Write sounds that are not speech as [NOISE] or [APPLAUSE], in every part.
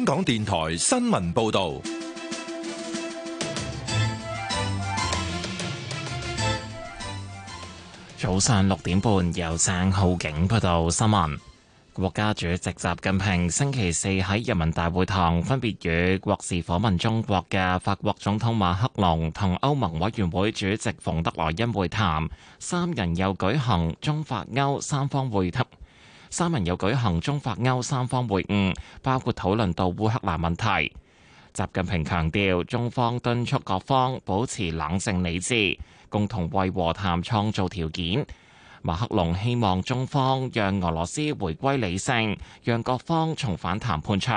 香港電台新聞報道，早上六點半，由鄭浩景報道新聞。國家主席習近平星期四喺人民大會堂分別與國事訪問中國嘅法國總統馬克龍同歐盟委員會主席馮德萊恩會談，三人又舉行中法歐三方會談。三人又舉行中法歐三方會晤，包括討論到烏克蘭問題。習近平強調，中方敦促各方保持冷靜理智，共同為和談創造條件。馬克龍希望中方讓俄羅斯回歸理性，讓各方重返談判桌。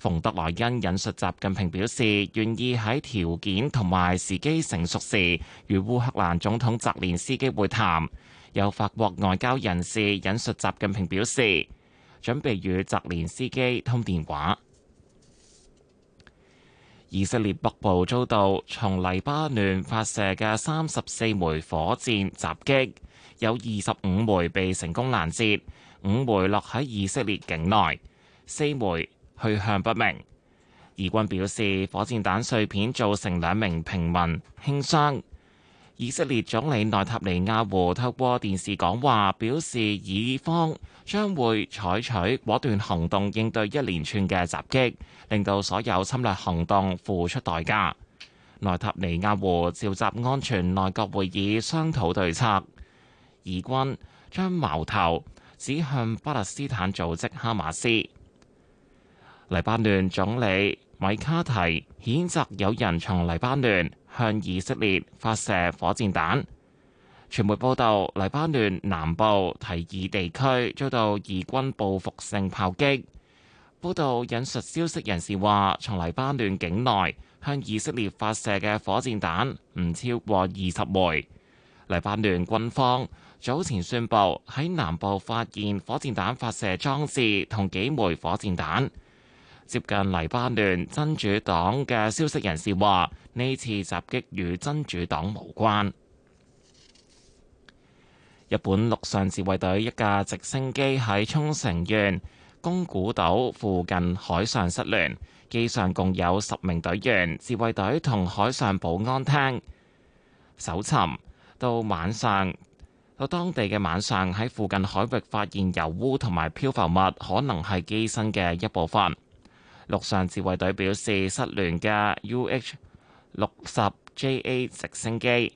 馮德萊恩引述習近平表示，願意喺條件同埋時機成熟時，與烏克蘭總統澤連斯基會談。有法國外交人士引述習近平表示，準備與澤連斯基通電話。以色列北部遭到從黎巴嫩發射嘅三十四枚火箭襲擊，有二十五枚被成功攔截，五枚落喺以色列境內，四枚去向不明。以軍表示，火箭彈碎片造成兩名平民輕傷。以色列總理內塔尼亞胡透過電視講話，表示以方將會採取果斷行動應對一連串嘅襲擊，令到所有侵略行動付出代價。內塔尼亞胡召集安全內閣會議商討對策，以軍將矛頭指向巴勒斯坦組織哈馬斯。黎巴嫩總理米卡提譴責有人從黎巴嫩。向以色列發射火箭彈。傳媒報道，黎巴嫩南部提爾地區遭到以軍報復性炮擊。報道引述消息人士話，從黎巴嫩境內向以色列發射嘅火箭彈唔超過二十枚。黎巴嫩軍方早前宣布喺南部發現火箭彈發射裝置同幾枚火箭彈。接近黎巴嫩真主黨嘅消息人士話，呢次襲擊與真主黨無關。日本陸上自衛隊一架直升機喺沖繩縣宮古島附近海上失聯，機上共有十名隊員。自衛隊同海上保安廳搜尋到晚上到當地嘅晚上，喺附近海域發現油污同埋漂浮物，可能係機身嘅一部分。陸上自衛隊表示，失聯嘅 UH 六十 JA 直升機，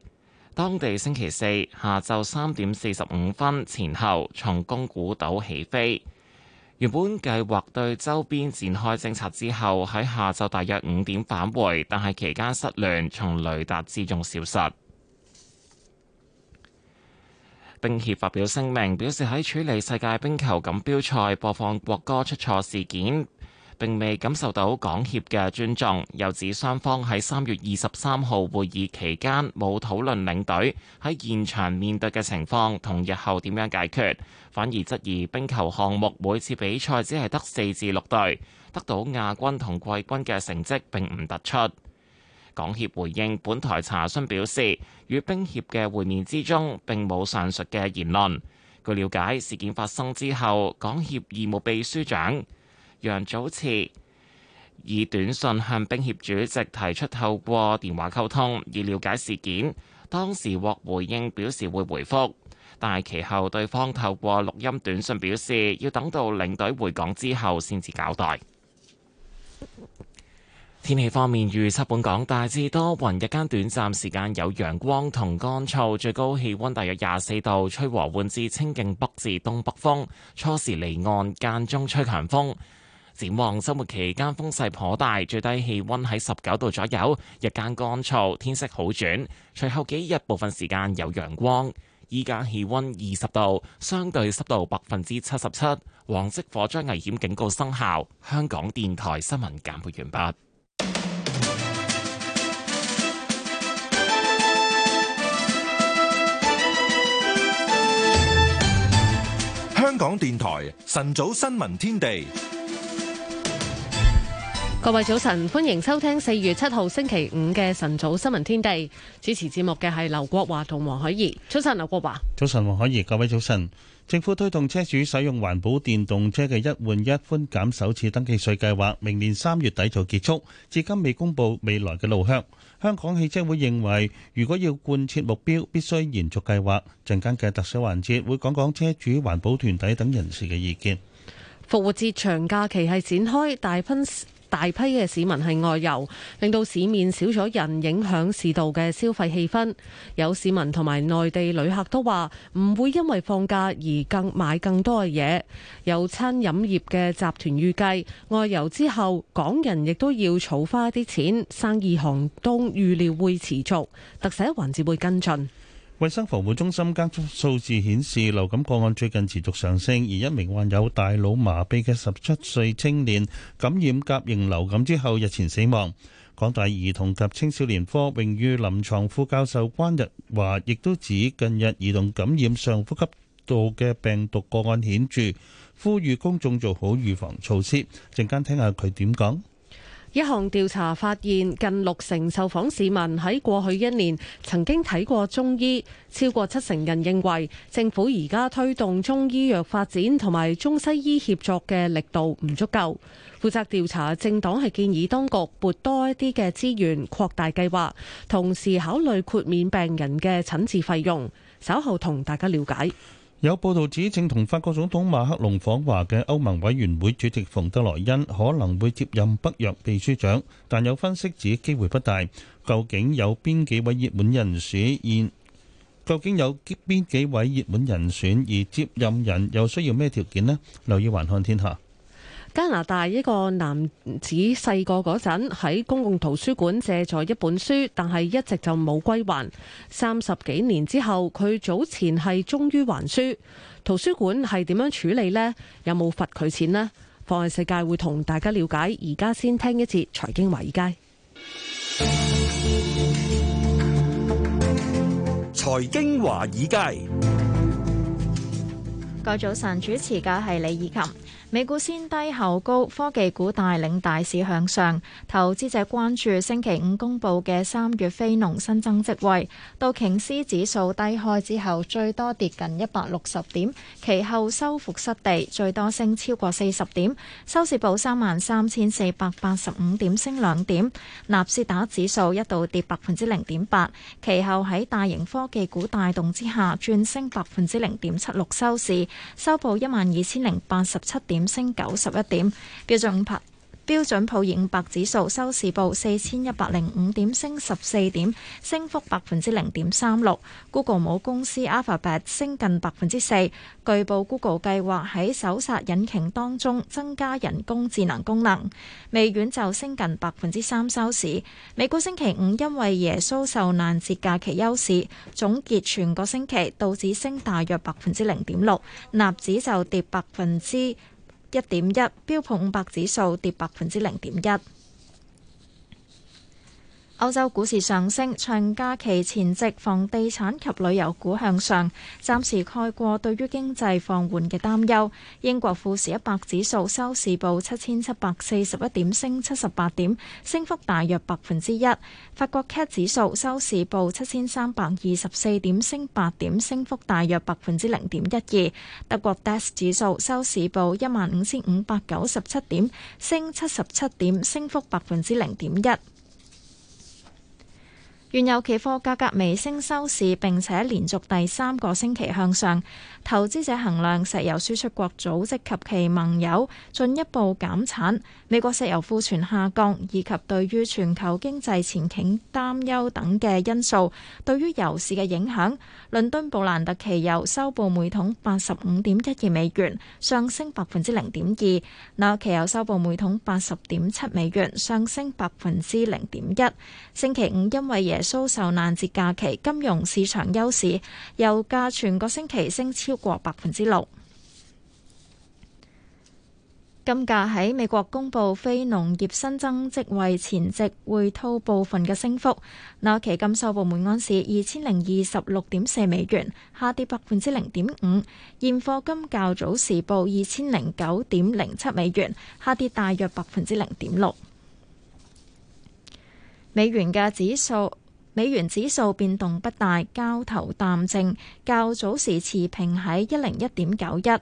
當地星期四下晝三點四十五分前後從宮古島起飛，原本計劃對周邊展開偵察之後，喺下晝大約五點返回，但係期間失聯，從雷達之中消失。冰協發表聲明，表示喺處理世界冰球錦標賽播放國歌出錯事件。並未感受到港協嘅尊重，又指雙方喺三月二十三號會議期間冇討論領隊喺現場面對嘅情況同日後點樣解決，反而質疑冰球項目每次比賽只係得四至六隊，得到亞軍同季軍嘅成績並唔突出。港協回應本台查詢表示，與冰協嘅會面之中並冇上述嘅言論。據了解，事件發生之後，港協義務秘書長，楊祖慈以短信向冰協主席提出透過電話溝通以了解事件，當時獲回應表示會回覆，但係其後對方透過錄音短信表示要等到領隊回港之後先至交代。天氣方面，預測本港大致多雲，日間短暫時間有陽光同乾燥，最高氣溫大約廿四度，吹和緩至清勁北至東北風，初時離岸間中吹強風。展望周末期間風勢頗大，最低氣溫喺十九度左右，日間乾燥，天色好轉。隨後幾日部分時間有陽光，依家氣溫二十度，相對濕度百分之七十七，黃色火災危險警告生效。香港電台新聞簡報完畢。香港電台晨早新聞天地。各位早晨，歡迎收聽四月七號星期五嘅晨早新聞天地。主持節目嘅係劉國華同黃海怡。早晨，劉國華。早晨，黃海怡。各位早晨。政府推動車主使用環保電動車嘅一換一寬減首次登記稅計劃，明年三月底就結束，至今未公布未來嘅路向。香港汽車會認為，如果要貫徹目標，必須延續計劃。陣間嘅特殊環節會講講車主、環保團體等人士嘅意見。復活節長假期係展開大噴。大批嘅市民係外遊，令到市面少咗人，影響市道嘅消費氣氛。有市民同埋內地旅客都話唔會因為放假而更買更多嘅嘢。有餐飲業嘅集團預計外遊之後，港人亦都要儲花啲錢，生意寒冬預料會持續。特寫環節會跟進。衛生防護中心監測數字顯示，流感個案最近持續上升，而一名患有大腦麻痹嘅十七歲青年感染甲型流感之後，日前死亡。港大兒童及青少年科榮譽臨床副教授關日華亦都指，近日兒童感染上呼吸道嘅病毒個案顯著，呼籲公眾做好預防措施。陣間聽下佢點講。一項調查發現，近六成受訪市民喺過去一年曾經睇過中醫，超過七成人認為政府而家推動中醫藥發展同埋中西醫協作嘅力度唔足夠。負責調查政黨係建議當局撥多一啲嘅資源擴大計劃，同時考慮豁免病人嘅診治費用。稍後同大家了解。有報道指，正同法國總統馬克龍訪華嘅歐盟委員會主席馮德萊恩可能會接任北約秘書長，但有分析指機會不大。究竟有邊幾位熱門人選？究竟有邊幾位熱門人選，而接任人又需要咩條件呢？留意環看天下。加拿大一個男子細個嗰陣喺公共圖書館借咗一本書，但係一直就冇歸還。三十幾年之後，佢早前係終於還書。圖書館係點樣處理呢？有冇罰佢錢呢？放眼世界會同大家了解。而家先聽一節財經華爾街。財經華爾街。個早晨主持嘅係李怡琴。美股先低後高，科技股帶領大市向上，投資者關注星期五公布嘅三月非農新增職位。道瓊斯指數低開之後，最多跌近一百六十點，其後收復失地，最多升超過四十點，收市報三萬三千四百八十五點，升兩點。納斯達指數一度跌百分之零點八，其後喺大型科技股帶動之下，轉升百分之零點七六，收市收報一萬二千零八十七點，升九十一點，標準五百標準普爾五百指數收市報四千一百零五點，升十四點，升幅百分之零點三六。Google 母公司 Alphabet 升近百分之四，據報 Google 計劃喺搜索引擎當中增加人工智能功能。微軟就升近百分之三收市。美股星期五因為耶穌受難節假期休市，總結全個星期，道指升大約百分之零點六，納指就跌百分之。一點一，1 1. 1, 標普五百指數跌百分之零點一。歐洲股市上升，長假期前夕，房地產及旅遊股向上，暫時蓋過對於經濟放緩嘅擔憂。英國富時一百指數收市報七千七百四十一點，升七十八點，升幅大約百分之一。法國 CAC 指數收市報七千三百二十四點，升八點，升幅大約百分之零點一二。德國 DAX 指數收市報一萬五千五百九十七點，升七十七點，升幅百分之零點一。原油期貨價格微升收市，並且連續第三個星期向上。投資者衡量石油輸出國組織及其盟友進一步減產、美國石油庫存下降以及對於全球經濟前景擔憂等嘅因素，對於油市嘅影響。倫敦布蘭特期油收報每桶八十五點一二美元，上升百分之零點二；那期油收報每桶八十點七美元，上升百分之零點一。星期五因為贏。蘇受難節假期，金融市場休市。油價全個星期升超過百分之六。金價喺美國公布非農業新增職位前夕回吐部分嘅升幅。那期金收報每安士二千零二十六點四美元，下跌百分之零點五。現貨金較早時報二千零九點零七美元，下跌大約百分之零點六。美元嘅指數。美元指數變動不大，交投淡靜，較早時持平喺一零一點九一。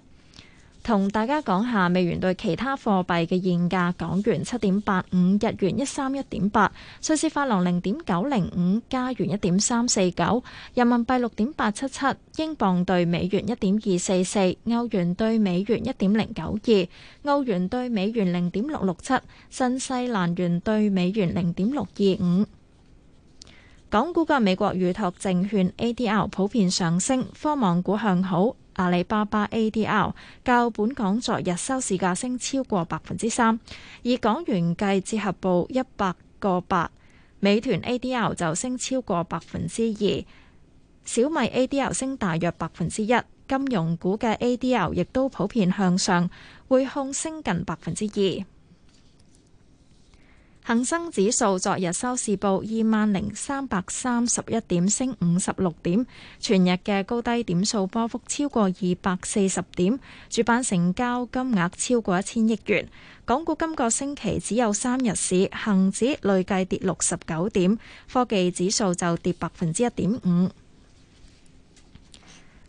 同大家講下美元對其他貨幣嘅現價：港元七點八五，日元一三一點八，瑞士法郎零點九零五，加元一點三四九，人民幣六點八七七，英鎊對美元一點二四四，歐元對美元一點零九二，澳元對美元零點六六七，新西蘭元對美元零點六二五。港股嘅美國預託證券 ADR 普遍上升，科網股向好，阿里巴巴 ADR 較本港昨日收市價升超過百分之三，以港元計折合報一百個八。美團 ADR 就升超過百分之二，小米 ADR 升大約百分之一。金融股嘅 ADR 亦都普遍向上，匯控升近百分之二。恒生指數昨日收市報二萬零三百三十一點，升五十六點，全日嘅高低點數波幅超過二百四十點，主板成交金額超過一千億元。港股今個星期只有三日市，恒指累計跌六十九點，科技指數就跌百分之一點五。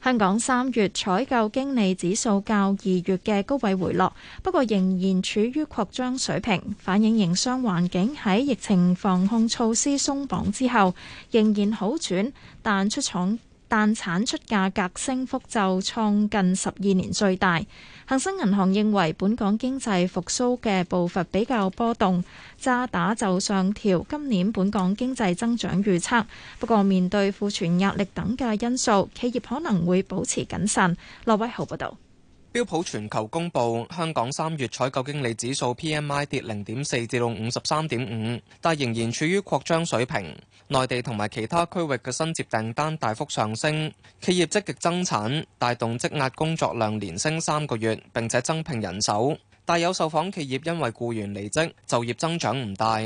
香港三月採購經理指數較二月嘅高位回落，不過仍然處於擴張水平，反映營商環境喺疫情防控措施鬆綁之後仍然好轉，但出廠。但產出價格升幅就創近十二年最大。恒生銀行認為本港經濟復甦嘅步伐比較波動，渣打就上調今年本港經濟增長預測。不過面對庫存壓力等嘅因素，企業可能會保持謹慎。羅偉豪報道。標普全球公布香港三月採購經理指數 PMI 跌零點四至到五十三點五，但仍然處於擴張水平。內地同埋其他區域嘅新接訂單大幅上升，企業積極增產，帶動積壓工作量連升三個月，並且增聘人手。但有受訪企業因為僱員離職，就業增長唔大。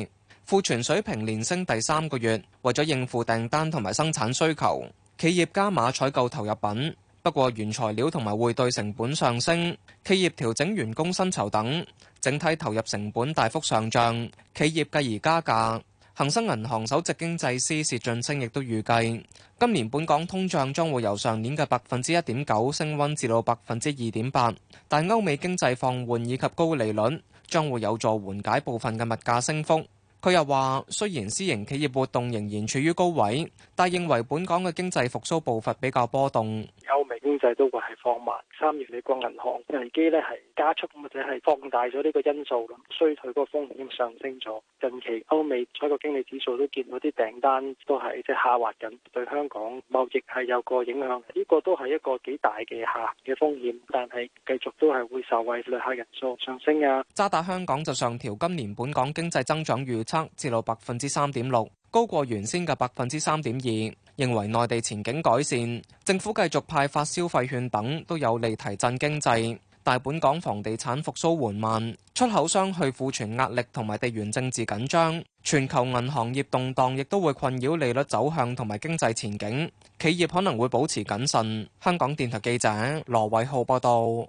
庫存水平連升第三個月，為咗應付訂單同埋生產需求，企業加碼採購投入品。不過原材料同埋匯兌成本上升，企業調整員工薪酬等，整體投入成本大幅上漲，企業繼而加價。恒生銀行首席經濟師薛俊升亦都預計，今年本港通脹將會由上年嘅百分之一點九升溫至到百分之二點八，但歐美經濟放緩以及高利率將會有助緩解部分嘅物價升幅。佢又話：雖然私營企業活動仍然處於高位，但係認為本港嘅經濟復甦步伐比較波動。歐美經濟都會係放慢，三月美國銀行危機呢係加速或者係放大咗呢個因素，咁衰退嗰個風險已上升咗。近期歐美採購經理指數都見到啲訂單都係即係下滑緊，對香港貿易係有個影響。呢個都係一個幾大嘅下行嘅風險，但係繼續都係會受惠旅客人數上升啊。渣打香港就上調今年本港經濟增長預測。至到百分之三點六，高過原先嘅百分之三點二。認為內地前景改善，政府繼續派發消費券等都有利提振經濟。大本港房地產復蘇緩慢，出口商去庫存壓力同埋地緣政治緊張，全球銀行業動盪亦都會困擾利率走向同埋經濟前景。企業可能會保持謹慎。香港電台記者羅偉浩報道。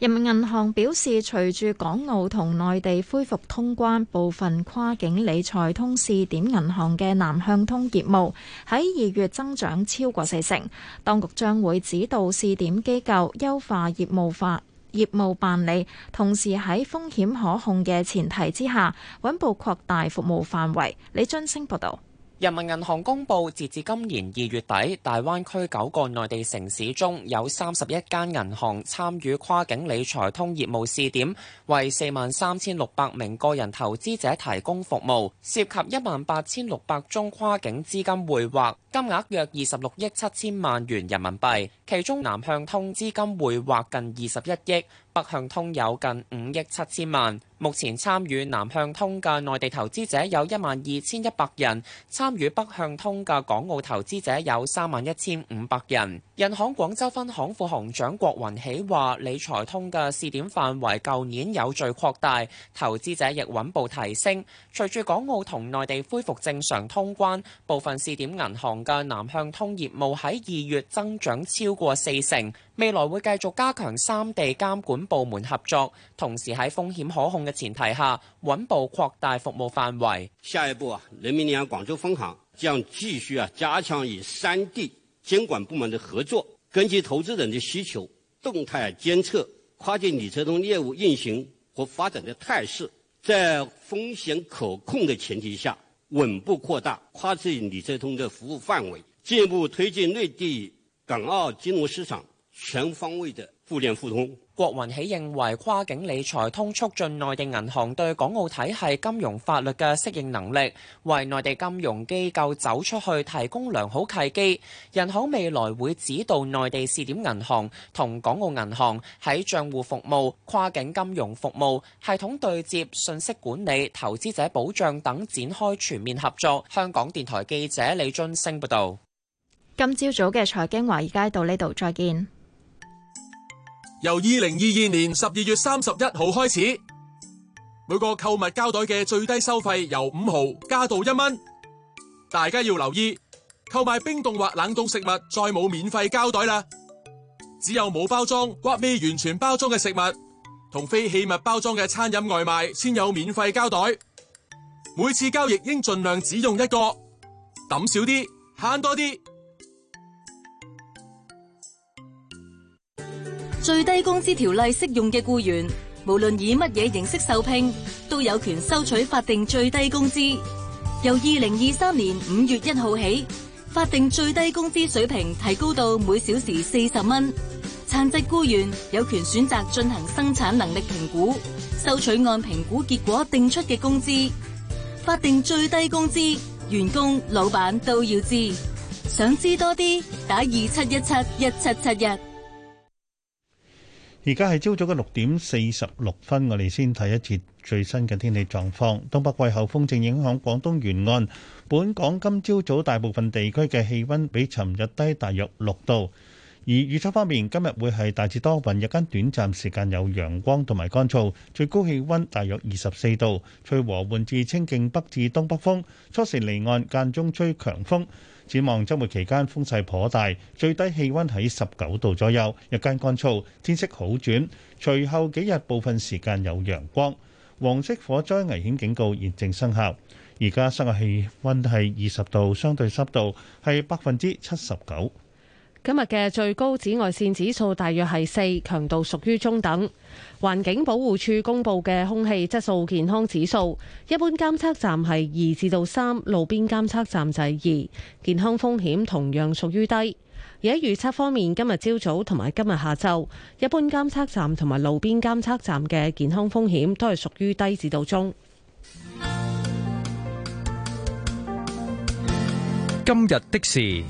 人民銀行表示，隨住港澳同內地恢復通關，部分跨境理財通試點銀行嘅南向通業務喺二月增長超過四成。當局將會指導試點機構優化業務化業務辦理，同時喺風險可控嘅前提之下，穩步擴大服務範圍。李津升報道。人民銀行公佈，截至今年二月底，大灣區九個內地城市中有三十一間銀行參與跨境理財通業務試點，為四萬三千六百名個人投資者提供服務，涉及一萬八千六百宗跨境資金匯劃，金額約二十六億七千萬元人民幣，其中南向通資金匯劃近二十一億。北向通有近五億七千萬，目前參與南向通嘅內地投資者有一萬二千一百人，參與北向通嘅港澳投資者有三萬一千五百人。人行廣州分行副行長郭雲喜話：理財通嘅試點範圍舊年有序擴大，投資者亦穩步提升。隨住港澳同內地恢復正常通關，部分試點銀行嘅南向通業務喺二月增長超過四成，未來會繼續加強三地監管。部門合作，同時喺風險可控嘅前提下，穩步擴大服務範圍。下一步啊，人民銀行廣州分行將繼續啊加強與三地監管部門的合作，根據投資者的需求，動態監測跨境理財通業務運行和發展的態勢，在風險可控的前提下，穩步擴大跨境理財通的服務範圍，進一步推進內地港澳金融市場全方位的互聯互通。郭雲喜認為，跨境理財通促進內地銀行對港澳體系金融法律嘅適應能力，為內地金融機構走出去提供良好契機。人行未來會指導內地試點銀行同港澳銀行喺賬戶服務、跨境金融服務、系統對接、信息管理、投資者保障等展開全面合作。香港電台記者李俊星報道。今朝早嘅財經華爾街到呢度，再見。由2022年12月31號開始，每個購物膠袋嘅最低收費由5毫加到1蚊。最低工資條例適用嘅雇員無論以乜嘢形式受聘，都有權收取法定最低工資。由2023年5月1號起，法定最低工資水平提高到每小時40蚊。殘疾雇員有權選擇進行生產能力評估，收取按評估結果定出嘅工資。法定最低工資，員工老闆都要知，想知多啲打27171771而家係朝早嘅六點四十六分，我哋先睇一節最新嘅天氣狀況。東北季候風正影響廣東沿岸，本港今朝早早大部分地區嘅氣溫比尋日低大約六度。而預測方面，今日會係大致多雲，日間短暫時間有陽光同埋乾燥，最高氣溫大約二十四度，吹和緩至清勁北至東北風，初時離岸，間中吹強風。展望周末期間風勢頗大，最低氣溫喺十九度左右，日間乾燥，天色好轉，隨後幾日部分時間有陽光，黃色火災危險警告現正生效。而家室外氣溫係二十度，相對濕度係百分之七十九。今日嘅最高紫外線指數大約係四，強度屬於中等。環境保護署公布嘅空氣質素健康指數，一般監測站係二至到三，路邊監測站就係二，健康風險同樣屬於低。而喺預測方面，今日朝早同埋今日下晝，一般監測站同埋路邊監測站嘅健康風險都係屬於低至到中。今日的事。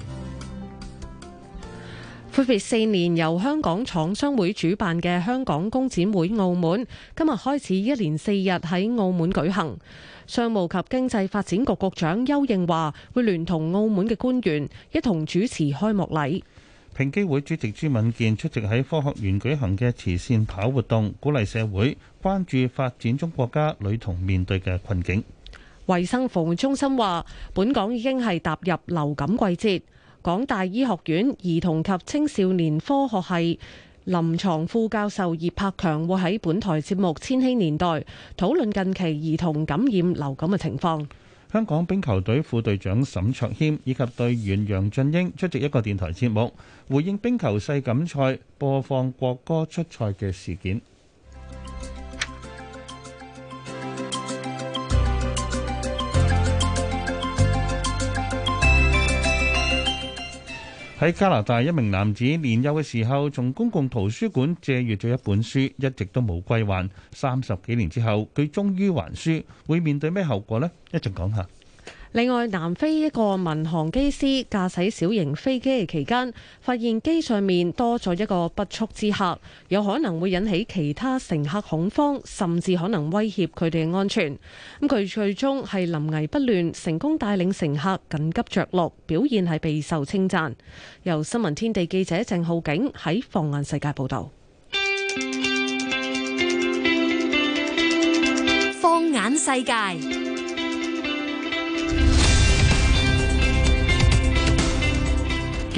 分別四年由香港廠商會主辦嘅香港工展會澳門今日開始一連四日喺澳門舉行。商務及經濟發展局局長邱應華會聯同澳門嘅官員一同主持開幕禮。平機會主席朱敏健出席喺科學園舉行嘅慈善跑活動，鼓勵社會關注發展中國家女童面對嘅困境。衛生防護中心話，本港已經係踏入流感季節。港大醫學院兒童及青少年科學系臨床副教授葉柏強會喺本台節目《千禧年代》討論近期兒童感染流感嘅情況。香港冰球隊副隊長沈卓謙以及隊員楊俊英出席一個電台節目，回應冰球世錦賽播放國歌出賽嘅事件。喺加拿大，一名男子年幼嘅時候從公共圖書館借閱咗一本書，一直都冇歸還。三十幾年之後，佢終於還書，會面對咩後果咧？一陣講下。另外，南非一個民航機師駕駛小型飛機嘅期間，發現機上面多咗一個不速之客，有可能會引起其他乘客恐慌，甚至可能威脅佢哋嘅安全。咁佢最終係臨危不亂，成功帶領乘客緊急着陸，表現係備受稱讚。由新聞天地記者鄭浩景喺放眼世界報道。放眼世界。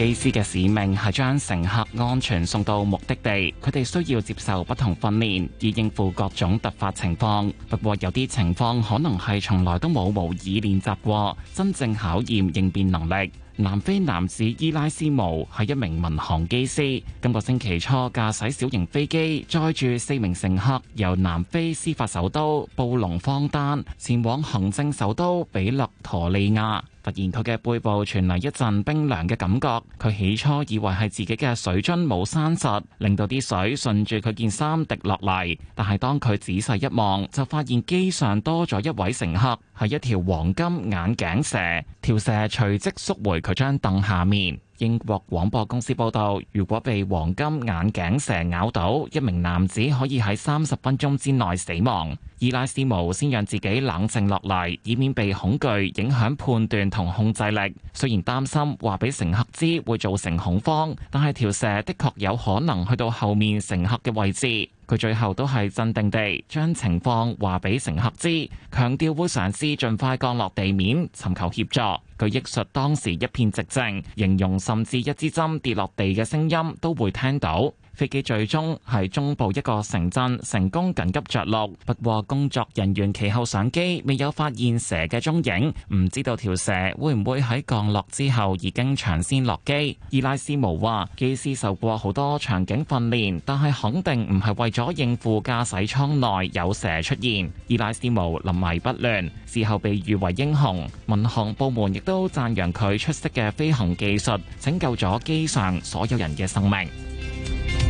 機師嘅使命係將乘客安全送到目的地，佢哋需要接受不同訓練以應付各種突發情況。不過有啲情況可能係從來都冇模擬練習過，真正考驗應變能力。南非男子伊拉斯姆係一名民航機師，今個星期初駕駛小型飛機載住四名乘客由南非司法首都布隆方丹前往行政首都比勒陀利亞。突然佢嘅背部傳嚟一陣冰涼嘅感覺，佢起初以為係自己嘅水樽冇閂實，令到啲水順住佢件衫滴落嚟。但係當佢仔細一望，就發現機上多咗一位乘客，係一條黃金眼鏡蛇。條蛇隨即縮回佢張凳下面。英國廣播公司報道，如果被黃金眼鏡蛇咬到，一名男子可以喺三十分鐘之內死亡。伊拉斯姆先讓自己冷靜落嚟，以免被恐懼影響判斷同控制力。雖然擔心話俾乘客知會造成恐慌，但係條蛇的確有可能去到後面乘客嘅位置。佢最後都係鎮定地將情況話俾乘客知，強調會嘗試盡快降落地面，尋求協助。佢憶述當時一片寂靜，形容甚至一支針跌落地嘅聲音都會聽到。飛機最終喺中部一個城鎮成功緊急着陸，不過工作人員其後上機未有發現蛇嘅蹤影，唔知道條蛇會唔會喺降落之後已經搶先落機。伊拉斯毛話，機師受過好多場景訓練，但係肯定唔係為咗應付駕駛艙內有蛇出現。伊拉斯毛臨危不亂，事後被譽為英雄。民航部門亦都讚揚佢出色嘅飛行技術，拯救咗機上所有人嘅生命。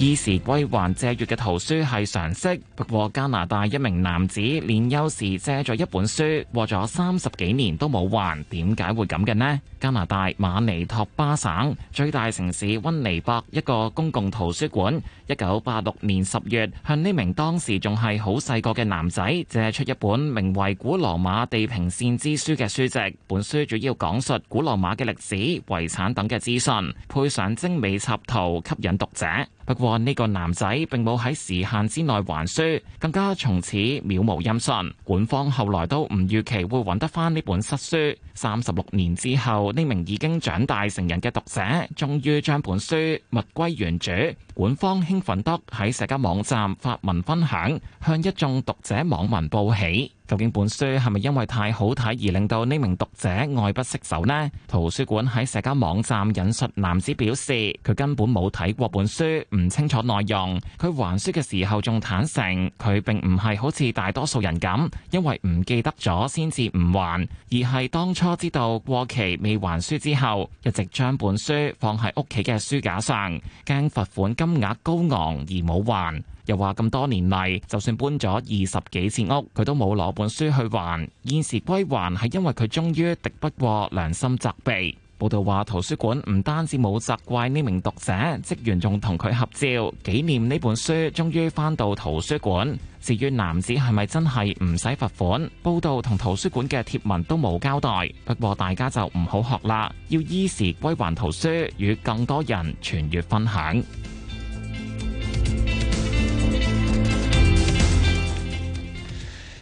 依時歸還借閱嘅圖書係常識，不過加拿大一名男子年幼時借咗一本書，過咗三十幾年都冇還，點解會咁嘅呢？加拿大馬尼托巴省最大城市温尼伯一個公共圖書館，一九八六年十月向呢名當時仲係好細個嘅男仔借出一本名為《古羅馬地平線之書》嘅書籍。本書主要講述古羅馬嘅歷史、遺產等嘅資訊，配上精美插圖，吸引讀者。不過呢個男仔並冇喺時限之內還書，更加從此渺無音訊。館方後來都唔預期會揾得返呢本失書。三十六年之後，呢名已經長大成人嘅讀者，終於將本書物歸原主。館方興奮得喺社交網站發文分享，向一眾讀者網民報喜。究竟本書係咪因為太好睇而令到呢名讀者愛不釋手呢？圖書館喺社交網站引述男子表示，佢根本冇睇過本書，唔清楚內容。佢還書嘅時候仲坦承，佢並唔係好似大多數人咁，因為唔記得咗先至唔還，而係當初知道過期未還書之後，一直將本書放喺屋企嘅書架上，驚罰款金額高昂而冇還。又話咁多年嚟，就算搬咗二十幾次屋，佢都冇攞本書去還。現時歸還係因為佢終於敵不過良心責備。報道話圖書館唔單止冇責怪呢名讀者，職員仲同佢合照紀念呢本書終於翻到圖書館。至於男子係咪真係唔使罰款，報道同圖書館嘅貼文都冇交代。不過大家就唔好學啦，要依時歸還圖書，與更多人傳閱分享。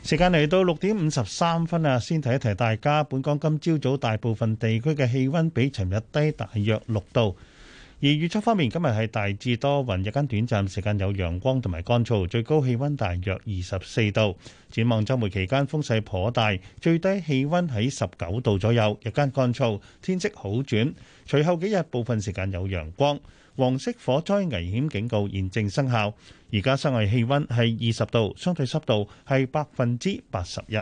時間嚟到六點五十三分啊，先提一提大家。本港今朝早早大部分地區嘅氣温比尋日低大約六度。而預測方面，今日係大致多雲，日間短暫時間有陽光同埋乾燥，最高氣温大約二十四度。展望週末期間風勢頗大，最低氣温喺十九度左右，日間乾燥，天色好轉。隨後幾日部分時間有陽光，黃色火災危險警告現正生效。而家室外氣溫係二十度，相對濕度係百分之八十一。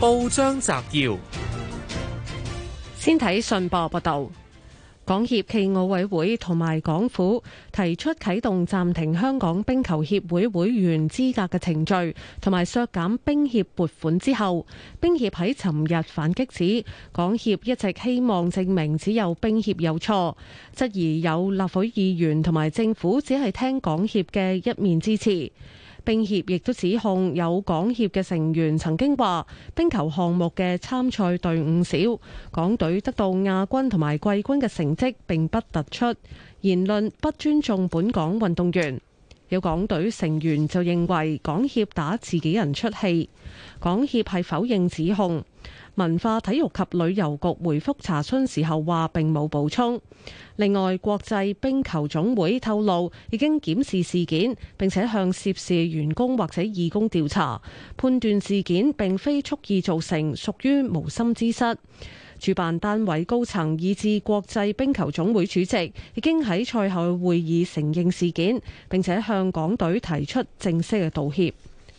報章摘要，先睇信報報道。港協暨奧委會同埋港府提出啟動暫停香港冰球協會會員資格嘅程序，同埋削減冰協撥款之後，冰協喺尋日反擊指港協一直希望證明只有冰協有錯，質疑有立法會議員同埋政府只係聽港協嘅一面之詞。冰協亦都指控有港協嘅成員曾經話冰球項目嘅參賽隊伍少，港隊得到亞軍同埋季軍嘅成績並不突出，言論不尊重本港運動員。有港隊成員就認為港協打自己人出氣，港協係否認指控。文化體育及旅遊局回覆查詢時候話並冇補充。另外，國際冰球總會透露已經檢視事件，並且向涉事員工或者義工調查，判斷事件並非蓄意造成，屬於無心之失。主辦單位高層以至國際冰球總會主席已經喺賽後會議承認事件，並且向港隊提出正式嘅道歉。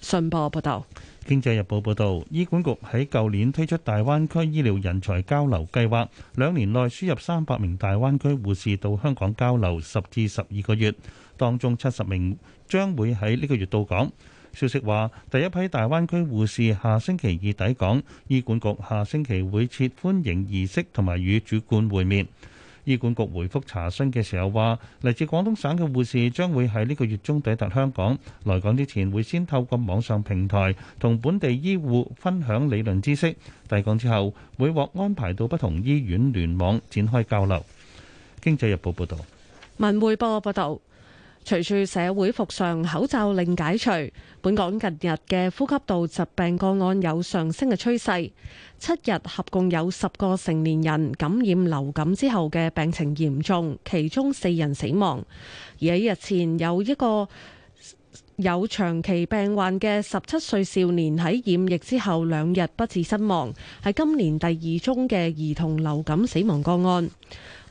信報報道，《經濟日報》報導，醫管局喺舊年推出大灣區醫療人才交流計劃，兩年內輸入三百名大灣區護士到香港交流十至十二個月，當中七十名將會喺呢個月到港。消息話，第一批大灣區護士下星期二抵港，醫管局下星期會設歡迎儀式同埋與主管會面。醫管局回覆查詢嘅時候話，嚟自廣東省嘅護士將會喺呢個月中抵達香港。來港之前會先透過網上平台同本地醫護分享理論知識。抵港之後，會獲安排到不同醫院聯網展開交流。經濟日報報導，文匯報報道。隨住社會復常，口罩令解除，本港近日嘅呼吸道疾病個案有上升嘅趨勢。七日合共有十個成年人感染流感之後嘅病情嚴重，其中四人死亡。而喺日前有一個有長期病患嘅十七歲少年喺染疫之後兩日不治身亡，係今年第二宗嘅兒童流感死亡個案。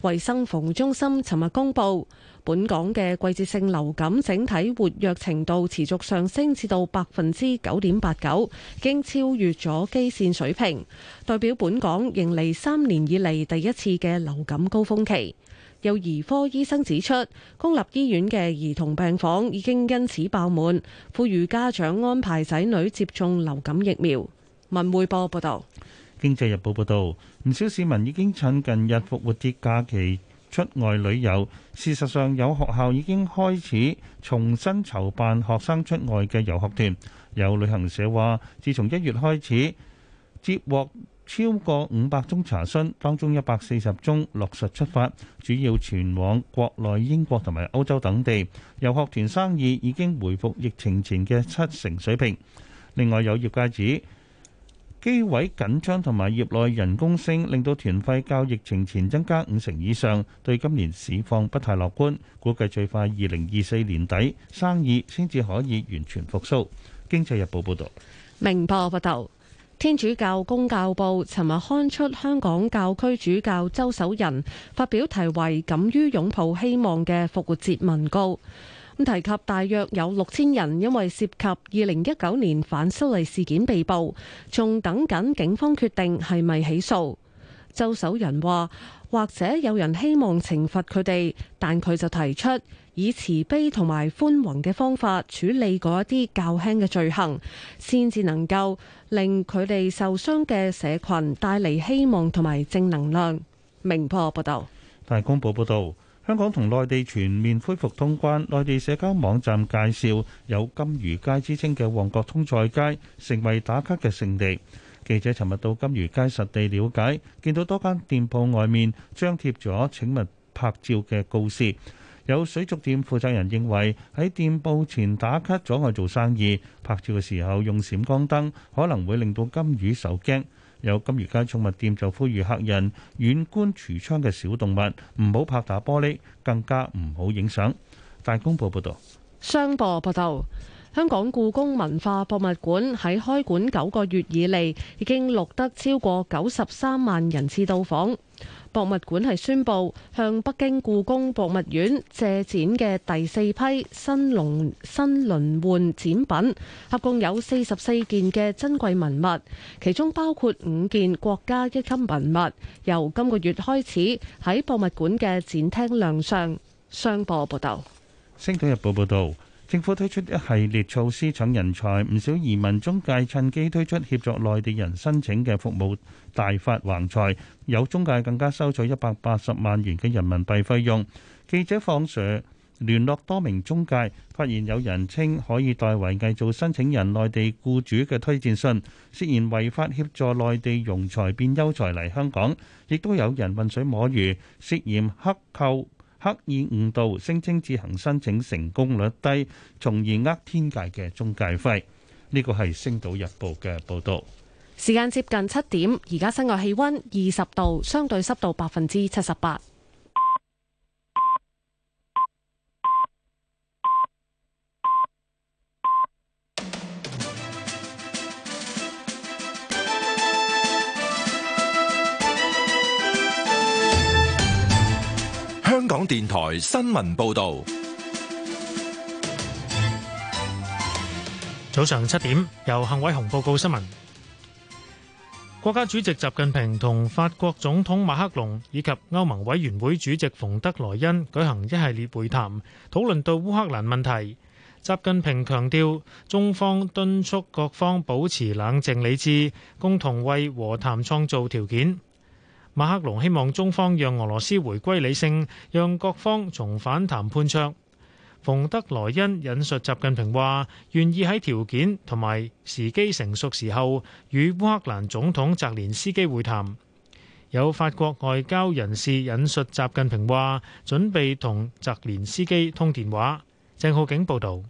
衞生防護中心尋日公布。本港嘅季節性流感整體活躍程度持續上升，至到百分之九點八九，已經超越咗基線水平，代表本港迎嚟三年以嚟第一次嘅流感高峰期。有兒科醫生指出，公立醫院嘅兒童病房已經因此爆滿，呼籲家長安排仔女接種流感疫苗。文匯報報道：《經濟日報》報道，唔少市民已經趁近日復活節假期，出外旅遊，事實上有學校已經開始重新籌辦學生出外嘅遊學團。有旅行社話，自從一月開始，接獲超過五百宗查詢，當中一百四十宗落實出發，主要前往國內、英國同埋歐洲等地。遊學團生意已經回復疫情前嘅七成水平。另外，有業界指：機位緊張同埋業內人工升，令到團費較疫情前增加五成以上，對今年市況不太樂觀。估計最快二零二四年底生意先至可以完全復甦。經濟日報報導。明報報道，天主教公教報尋日刊出香港教區主教周守仁發表題為《敢於擁抱希望》嘅復活節文告。咁提及大約有六千人因為涉及二零一九年反修例事件被捕，仲等緊警方決定係咪起訴。周守仁話，或者有人希望懲罰佢哋，但佢就提出以慈悲同埋寬宏嘅方法處理嗰一啲較輕嘅罪行，先至能夠令佢哋受傷嘅社群帶嚟希望同埋正能量。明報報道，戴公寶報道。香港同內地全面恢復通關，內地社交網站介紹有金魚街之稱嘅旺角通菜街成為打卡嘅勝地。記者尋日到金魚街實地了解，見到多間店鋪外面張貼咗請勿拍照嘅告示。有水族店負責人認為喺店鋪前打卡阻礙做生意，拍照嘅時候用閃光燈可能會令到金魚受驚。有金魚街寵物店就呼籲客人遠觀櫥窗嘅小動物，唔好拍打玻璃，更加唔好影相。大公報報道：「商報報道，香港故宮文化博物館喺開館九個月以嚟，已經錄得超過九十三萬人次到訪。博物館係宣布向北京故宮博物院借展嘅第四批新輪新輪換展品，合共有四十四件嘅珍貴文物，其中包括五件國家一級文物，由今個月開始喺博物館嘅展廳亮相。商播報道，《星島日報》報道。政府推出一系列措施搶人才，唔少移民中介趁機推出協助內地人申請嘅服務，大發橫財。有中介更加收取一百八十萬元嘅人民幣費用。記者放蛇聯絡多名中介，發現有人稱可以代為偽造申請人內地雇主嘅推薦信，涉嫌違法協助內地庸才變優才嚟香港。亦都有人混水摸魚，涉嫌克扣。刻意誤導，聲稱自行申請成功率低，從而呃天價嘅中介費，呢個係星島日報嘅報道。時間接近七點，而家室外氣溫二十度，相對濕度百分之七十八。香港電台新聞報道，早上七點，由幸偉雄報告新聞。國家主席習近平同法國總統馬克龍以及歐盟委員會主席馮德萊恩舉行一系列會談，討論到烏克蘭問題。習近平強調，中方敦促各方保持冷靜理智，共同為和談創造條件。馬克龍希望中方讓俄羅斯回歸理性，讓各方重返談判桌。馮德萊恩引述習近平話，願意喺條件同埋時機成熟時候與烏克蘭總統澤連斯基會談。有法國外交人士引述習近平話，準備同澤連斯基通電話。鄭浩景報導。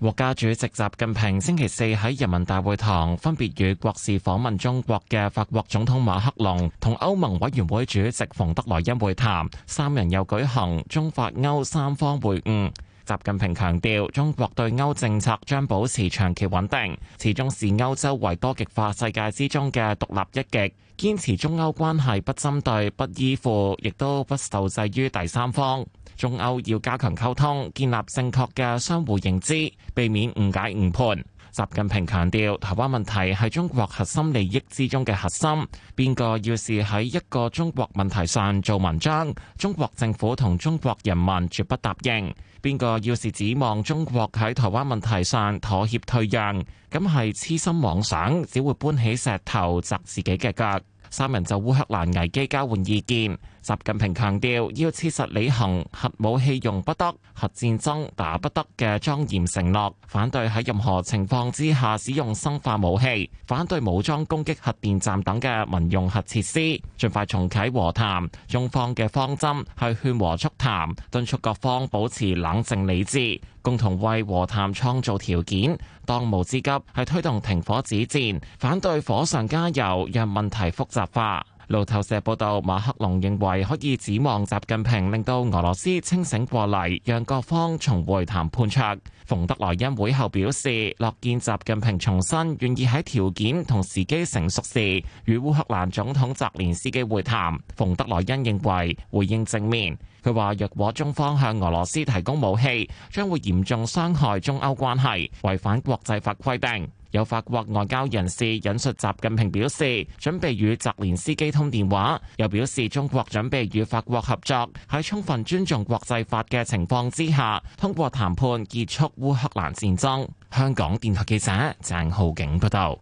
國家主席習近平星期四喺人民大會堂分別與國事訪問中國嘅法國總統馬克龍同歐盟委員會主席馮德萊恩會談，三人又舉行中法歐三方會晤。習近平強調，中國對歐政策將保持長期穩定，始終視歐洲為多極化世界之中嘅獨立一極，堅持中歐關係不針對、不依附，亦都不受制於第三方。中歐要加強溝通，建立正確嘅相互認知，避免誤解誤判。習近平強調，台灣問題係中國核心利益之中嘅核心。邊個要是喺一個中國問題上做文章，中國政府同中國人民絕不答應。邊個要是指望中國喺台灣問題上妥協退讓，咁係痴心妄想，只會搬起石頭砸自己嘅腳。三人就烏克蘭危機交換意見。習近平強調，要切實履行核武器用不得、核戰爭打不得嘅莊嚴承諾，反對喺任何情況之下使用生化武器，反對武裝攻擊核電站等嘅民用核設施，盡快重啟和談。中方嘅方針係勸和促談，敦促各方保持冷靜理智，共同為和談創造條件。當務之急係推動停火止戰，反對火上加油，讓問題複雜化。路透社報道，馬克龍認為可以指望習近平令到俄羅斯清醒過嚟，讓各方重回會談判桌。馮德萊恩會後表示，樂見習近平重申願意喺條件同時機成熟時與烏克蘭總統澤連斯基會談。馮德萊恩認為回應正面，佢話若果中方向俄羅斯提供武器，將會嚴重傷害中歐關係，違反國際法規定。有法國外交人士引述習近平表示，準備與澤連斯基通電話，又表示中國準備與法國合作，喺充分尊重國際法嘅情況之下，通過談判結束烏克蘭戰爭。香港電台記者鄭浩景報道，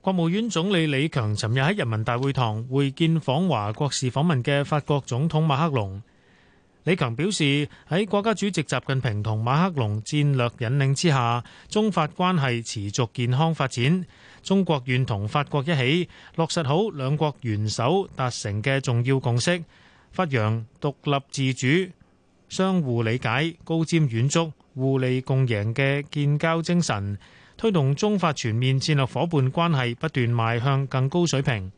國務院總理李強尋日喺人民大會堂會見訪華國事訪問嘅法國總統馬克龍。李強表示，喺國家主席習近平同馬克龍戰略引領之下，中法關係持續健康發展。中國願同法國一起落實好兩國元首達成嘅重要共識，發揚獨立自主、相互理解、高瞻遠矚、互利共贏嘅建交精神，推動中法全面戰略伙伴關係不斷邁向更高水平。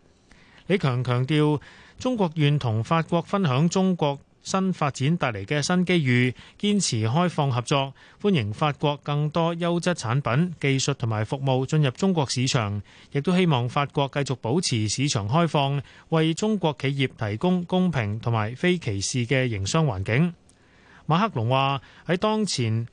李強強調，中國願同法國分享中國。新發展帶嚟嘅新機遇，堅持開放合作，歡迎法國更多優質產品、技術同埋服務進入中國市場，亦都希望法國繼續保持市場開放，為中國企業提供公平同埋非歧視嘅營商環境。馬克龍話：喺當前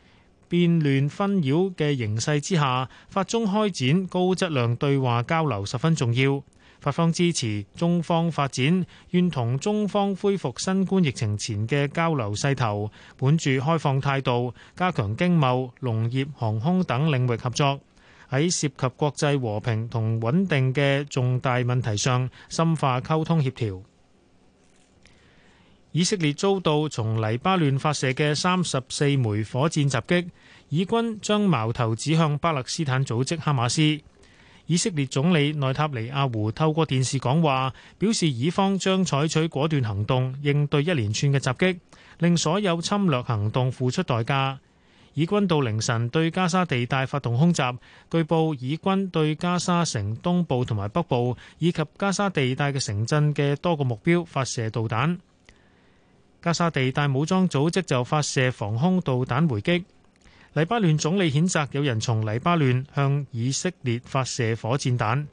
變亂紛擾嘅形勢之下，法中開展高質量對話交流十分重要。法方支持中方發展，願同中方恢復新冠疫情前嘅交流勢頭，本住開放態度，加強經貿、農業、航空等領域合作。喺涉及國際和平同穩定嘅重大問題上，深化溝通協調。以色列遭到從黎巴嫩發射嘅三十四枚火箭襲擊，以軍將矛頭指向巴勒斯坦組織哈馬斯。以色列總理內塔尼亞胡透過電視講話，表示以方將採取果斷行動應對一連串嘅襲擊，令所有侵略行動付出代價。以軍到凌晨對加沙地帶發動空襲，據報以軍對加沙城東部同埋北部以及加沙地帶嘅城鎮嘅多個目標發射導彈，加沙地帶武裝組織就發射防空導彈回擊。黎巴嫩總理譴責有人從黎巴嫩向以色列發射火箭彈。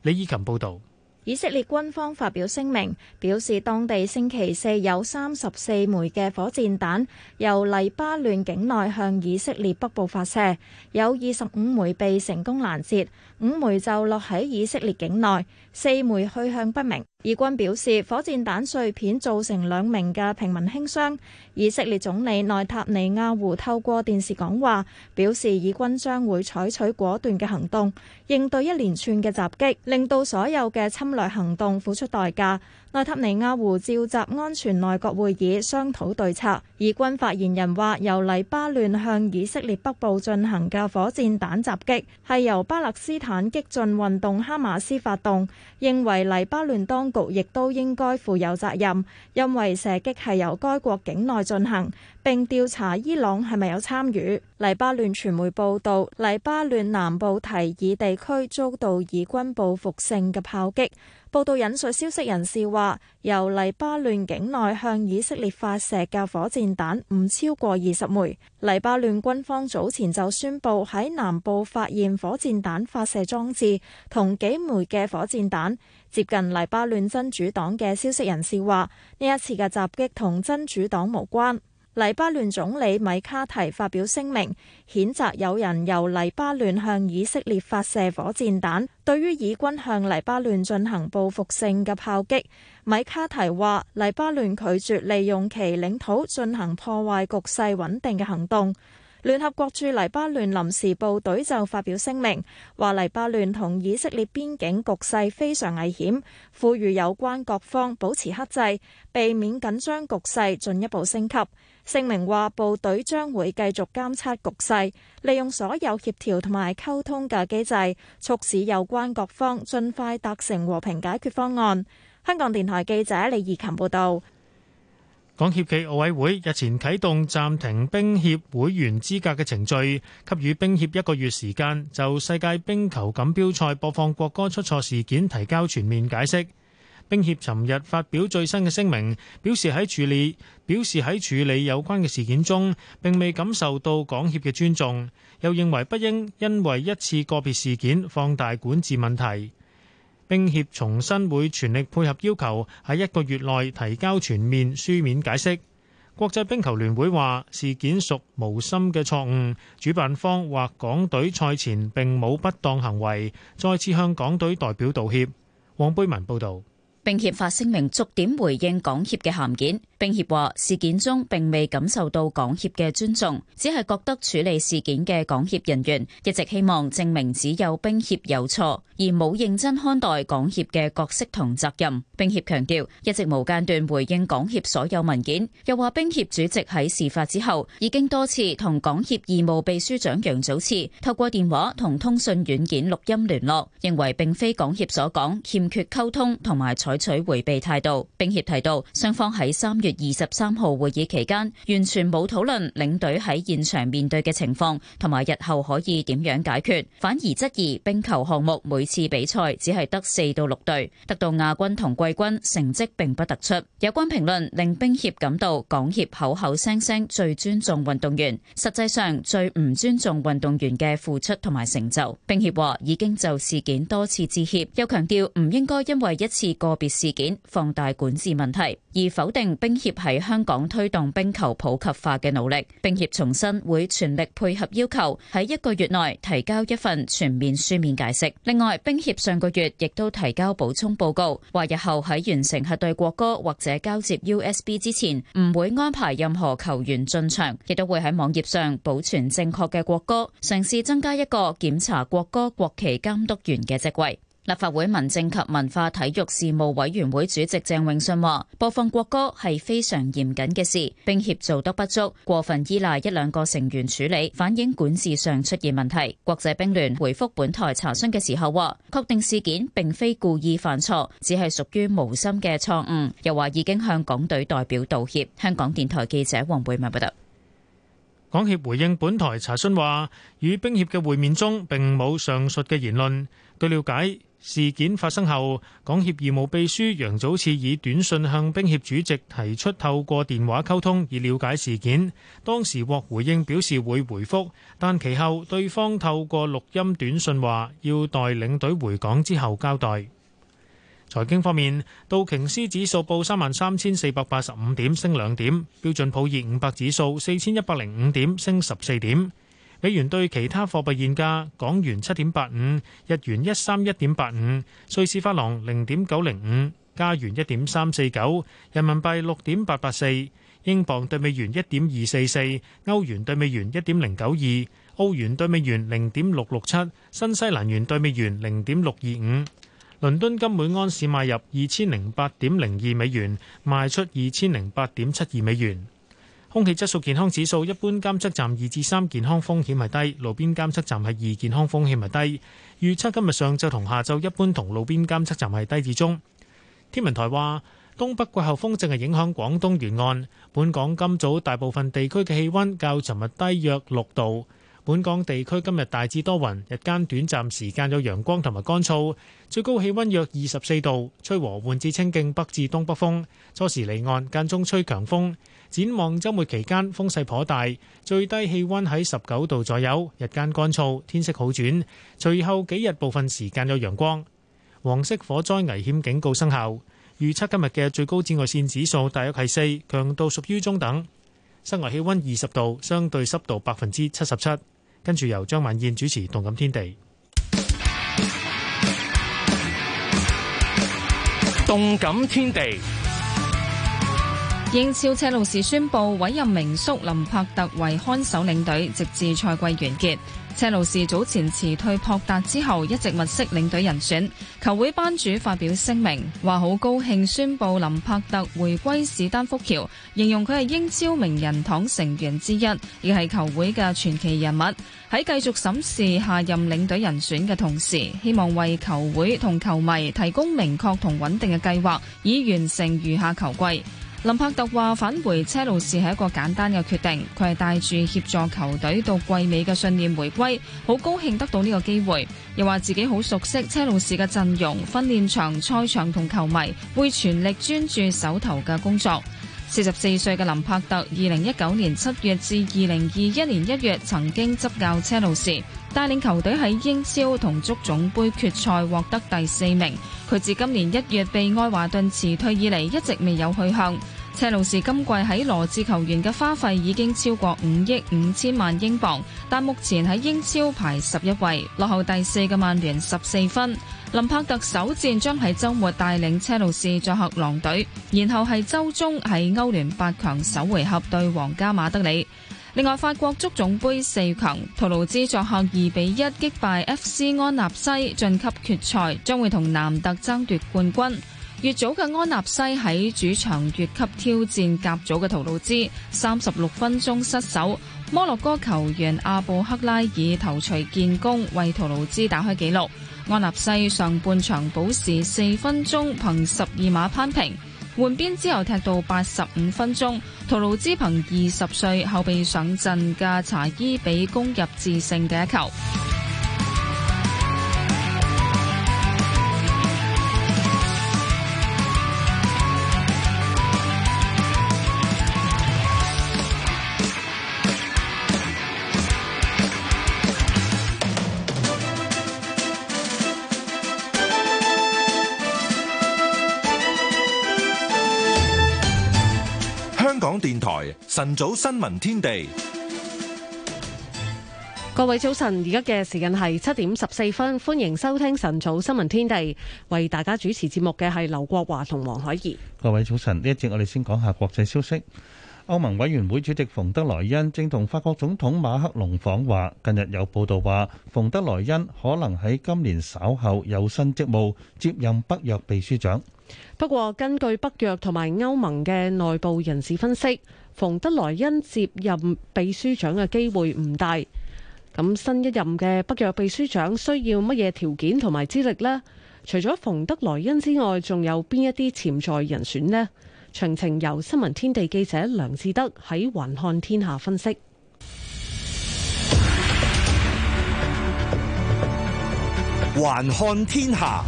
李以琴報導，以色列軍方發表聲明，表示當地星期四有三十四枚嘅火箭彈由黎巴嫩境內向以色列北部發射，有二十五枚被成功攔截，五枚就落喺以色列境內。四枚去向不明。以軍表示，火箭彈碎片造成兩名嘅平民輕傷。以色列總理內塔尼亞胡透過電視講話，表示以軍將會採取果斷嘅行動，應對一連串嘅襲擊，令到所有嘅侵略行動付出代價。內塔尼亞胡召集安全內閣會議商討對策。以軍發言人話：由黎巴嫩向以色列北部進行嘅火箭彈襲擊係由巴勒斯坦激進運動哈馬斯發動，認為黎巴嫩當局亦都應該負有責任，因為射擊係由該國境內進行，並調查伊朗係咪有參與。黎巴嫩傳媒報道，黎巴嫩南部提爾地區遭到以軍報復性嘅炮擊。報道引述消息人士話，由黎巴嫩境內向以色列發射嘅火箭彈唔超過二十枚。黎巴嫩軍方早前就宣布喺南部發現火箭彈發射裝置同幾枚嘅火箭彈。接近黎巴嫩真主黨嘅消息人士話，呢一次嘅襲擊同真主黨無關。黎巴嫩總理米卡提發表聲明，譴責有人由黎巴嫩向以色列發射火箭彈。對於以軍向黎巴嫩進行報復性嘅炮擊，米卡提話黎巴嫩拒絕利用其領土進行破壞局勢穩定嘅行動。聯合國駐黎巴嫩臨時部隊就發表聲明，話黎巴嫩同以色列邊境局勢非常危險，呼籲有關各方保持克制，避免緊張局勢進一步升級。聲明話部隊將會繼續監察局勢，利用所有協調同埋溝通嘅機制，促使有關各方盡快達成和平解決方案。香港電台記者李怡琴報道。港協暨奧委會日前啟動暫停冰協會員資格嘅程序，給予冰協一個月時間就世界冰球錦標賽播放國歌出錯事件提交全面解釋。冰協尋日發表最新嘅聲明，表示喺處理表示喺處理有關嘅事件中，並未感受到港協嘅尊重，又認為不應因為一次個別事件放大管治問題。冰協重申會全力配合，要求喺一個月內提交全面書面解釋。國際冰球聯會話事件屬無心嘅錯誤，主辦方或港隊賽前並冇不當行為，再次向港隊代表道歉。黃貝文報道。冰協發聲明，逐點回應港協嘅函件。冰協話：事件中並未感受到港協嘅尊重，只係覺得處理事件嘅港協人員一直希望證明只有冰協有錯，而冇認真看待港協嘅角色同責任。冰協強調一直無間斷回應港協所有文件，又話冰協主席喺事發之後已經多次同港協義務秘書長楊祖賜透過電話同通訊軟件錄音聯絡，認為並非港協所講欠缺溝通同埋採取迴避態度。冰協提到雙方喺三月二十三號會議期間，完全冇討論領隊喺現場面對嘅情況，同埋日後可以點樣解決，反而質疑冰球項目每次比賽只係得四到六隊，得到亞軍同季軍成績並不突出。有關評論令冰協感到港協口口聲聲最尊重運動員，實際上最唔尊重運動員嘅付出同埋成就。冰協話已經就事件多次致歉，又強調唔應該因為一次個別事件放大管治問題，而否定冰協協喺香港推動冰球普及化嘅努力，冰協重申會全力配合要求，喺一個月內提交一份全面書面解釋。另外，冰協上個月亦都提交補充報告，話日後喺完成核對國歌或者交接 USB 之前，唔會安排任何球員進場，亦都會喺網頁上保存正確嘅國歌，嘗試增加一個檢查國歌國旗監督員嘅職位。立法會民政及文化體育事務委員會主席鄭永信話：播放國歌係非常嚴謹嘅事，冰協做得不足，過分依賴一兩個成員處理，反映管治上出現問題。國際冰聯回覆本台查詢嘅時候話，確定事件並非故意犯錯，只係屬於無心嘅錯誤，又話已經向港隊代表道歉。香港電台記者黃貝文報道，港協回應本台查詢話，與冰協嘅會面中並冇上述嘅言論。據了解，事件發生後，港協義務秘書楊祖熾以短訊向冰協主席提出透過電話溝通以了解事件，當時獲回應表示會回復，但其後對方透過錄音短訊話要待領隊回港之後交代。財經方面，道瓊斯指數報三萬三千四百八十五點，升兩點；標準普爾五百指數四千一百零五點，升十四點。美元兌其他貨幣現價：港元七點八五，日元一三一點八五，瑞士法郎零點九零五，加元一點三四九，人民幣六點八八四，英鎊對美元一點二四四，歐元對美元一點零九二，澳元對美元零點六六七，新西蘭元對美元零點六二五。倫敦金每安士買入二千零八點零二美元，賣出二千零八點七二美元。空氣質素健康指數一般監測站二至三，健康風險係低；路邊監測站係二，健康風險係低。預測今日上晝同下晝一般同路邊監測站係低至中。天文台話，東北季候風正係影響廣東沿岸，本港今早大部分地區嘅氣温較尋日低約六度。本港地區今日大致多雲，日間短暫時間有陽光同埋乾燥，最高氣温約二十四度，吹和緩至清勁北至東北風，初時離岸間中吹強風。展望周末期間，風勢頗大，最低氣溫喺十九度左右，日間乾燥，天色好轉。隨後幾日部分時間有陽光。黃色火災危險警告生效。預測今日嘅最高紫外線指數大約係四，強度屬於中等。室外氣溫二十度，相對濕度百分之七十七。跟住由張萬燕主持《動感天地》。《動感天地》英超車路士宣布委任名宿林柏特為看守領隊，直至賽季完結。車路士早前辭退珀達之後，一直物色領隊人選。球會班主發表聲明，話好高興宣布林柏特回歸史丹福橋，形容佢係英超名人堂成員之一，亦係球會嘅傳奇人物。喺繼續審視下任領隊人選嘅同時，希望為球會同球迷提供明確同穩定嘅計劃，以完成餘下球季。林柏特話：返回車路士係一個簡單嘅決定，佢係帶住協助球隊到季尾嘅信念回歸，好高興得到呢個機會。又話自己好熟悉車路士嘅陣容、訓練場、賽場同球迷，會全力專注手頭嘅工作。四十四歲嘅林柏特，二零一九年七月至二零二一年一月曾經執教車路士，帶領球隊喺英超同足總盃決賽獲得第四名。佢自今年一月被愛華頓辭退以嚟，一直未有去向。車路士今季喺羅致球員嘅花費已經超過五億五千萬英鎊，但目前喺英超排十一位，落後第四嘅曼聯十四分。林柏特首戰將喺周末帶領車路士作客狼隊，然後係周中喺歐聯八強首回合對皇家馬德里。另外，法國足總杯四強圖盧茲作客二比一擊敗 FC 安納西晉級決賽，將會同南特爭奪冠軍。乙組嘅安納西喺主場越級挑戰甲組嘅圖盧茲，三十六分鐘失守。摩洛哥球員阿布克拉爾頭錘建功，為圖盧茲打開紀錄。安納西上半場補時四分鐘，憑十二碼扳平。換邊之後踢到八十五分鐘，圖盧茲憑二十歲後備上陣嘅查伊比攻入致勝嘅一球。晨早新聞天地，各位早晨，而家嘅時間係七點十四分，歡迎收聽晨早新聞天地。為大家主持節目嘅係劉國華同黃海怡。各位早晨，呢一節我哋先講下國際消息。歐盟委員會主席馮德萊恩正同法國總統馬克龍訪華，近日有報道話，馮德萊恩可能喺今年稍後有新職務接任北約秘書長。不過，根據北約同埋歐盟嘅內部人士分析。馮德萊恩接任秘書長嘅機會唔大，咁新一任嘅北約秘書長需要乜嘢條件同埋資歷呢？除咗馮德萊恩之外，仲有邊一啲潛在人選呢？詳情由新聞天地記者梁志德喺《環看天下》分析。環看天下，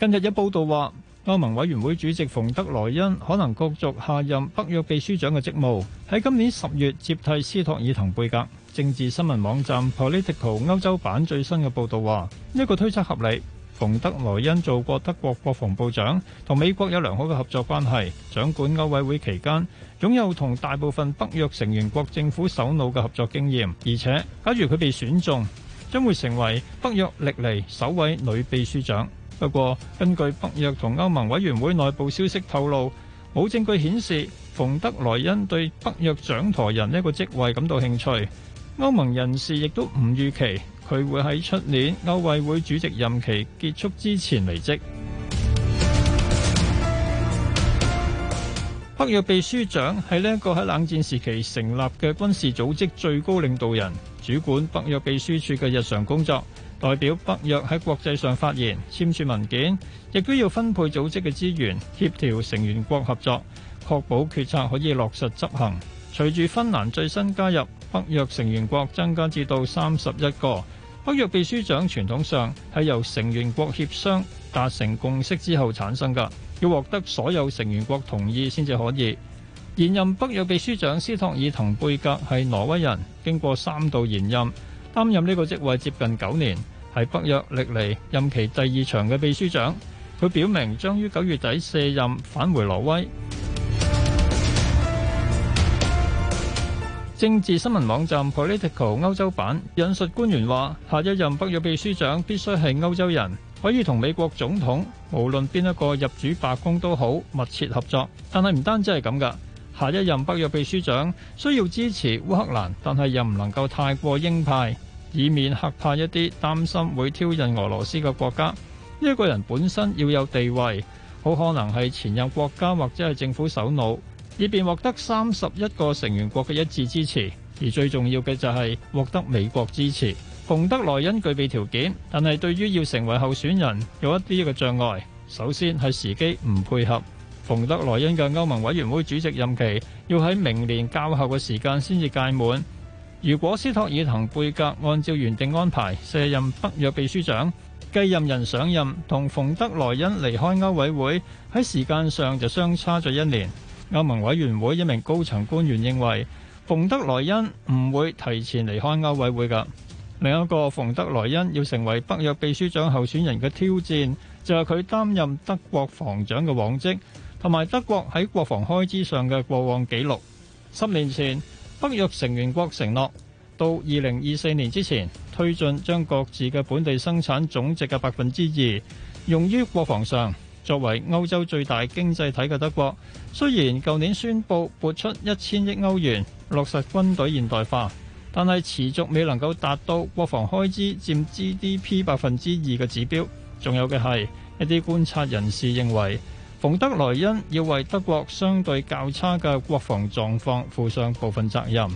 今日有報道話。歐盟委員會主席馮德萊恩可能角逐下任北約秘書長嘅職務，喺今年十月接替斯托爾滕貝格。政治新聞網站 Politico 歐洲版最新嘅報道話，呢個推測合理。馮德萊恩做過德國國防部長，同美國有良好嘅合作關係，掌管歐委會期間擁有同大部分北約成員國政府首腦嘅合作經驗，而且假如佢被選中，將會成為北約歷嚟首位女秘書長。不過，根據北約同歐盟委員會內部消息透露，冇證據顯示馮德萊恩對北約掌舵人呢個職位感到興趣。歐盟人士亦都唔預期佢會喺出年歐委會主席任期結束之前離職。 [MUSIC] 北約秘書長係呢一個喺冷戰時期成立嘅軍事組織最高領導人，主管北約秘書處嘅日常工作。代表北約喺國際上發言、簽署文件，亦都要分配組織嘅資源，協調成員國合作，確保決策可以落實執行。隨住芬蘭最新加入，北約成員國增加至到三十一個。北約秘書長傳統上係由成員國協商達成共識之後產生㗎，要獲得所有成員國同意先至可以。現任北約秘書長斯托爾滕貝格係挪威人，經過三度延任，擔任呢個職位接近九年。係北約歷嚟任期第二長嘅秘書長，佢表明將於九月底卸任，返回挪威。 [MUSIC] 政治新聞網站 Politico 歐洲版引述官員話：下一任北約秘書長必須係歐洲人，可以同美國總統無論邊一個入主白宮都好，密切合作。但係唔單止係咁噶，下一任北約秘書長需要支持烏克蘭，但係又唔能夠太過鷹派。以免嚇怕一啲擔心會挑釁俄羅斯嘅國家，呢一個人本身要有地位，好可能係前任國家或者係政府首腦，以便獲得三十一個成員國嘅一致支持。而最重要嘅就係獲得美國支持。馮德萊恩具備條件，但係對於要成為候選人有一啲嘅障礙。首先係時機唔配合，馮德萊恩嘅歐盟委員會主席任期要喺明年較後嘅時間先至屆滿。如果斯托爾滕貝格按照原定安排卸任北約秘書長，繼任人上任，同馮德萊恩離開歐委會喺時間上就相差咗一年。歐盟委員會一名高層官員認為，馮德萊恩唔會提前離開歐委會㗎。另一個馮德萊恩要成為北約秘書長候選人嘅挑戰，就係佢擔任德國防長嘅往跡，同埋德國喺國防開支上嘅過往紀錄。十年前。北約成員國承諾，到二零二四年之前，推進將各自嘅本地生產總值嘅百分之二用於國防上，作為歐洲最大經濟體嘅德國，雖然舊年宣布撥出一千億歐元，落實軍隊現代化，但係持續未能夠達到國防開支佔 GDP 百分之二嘅指標。仲有嘅係，一啲觀察人士認為，馮德萊恩要為德國相對較差嘅國防狀況負上部分責任。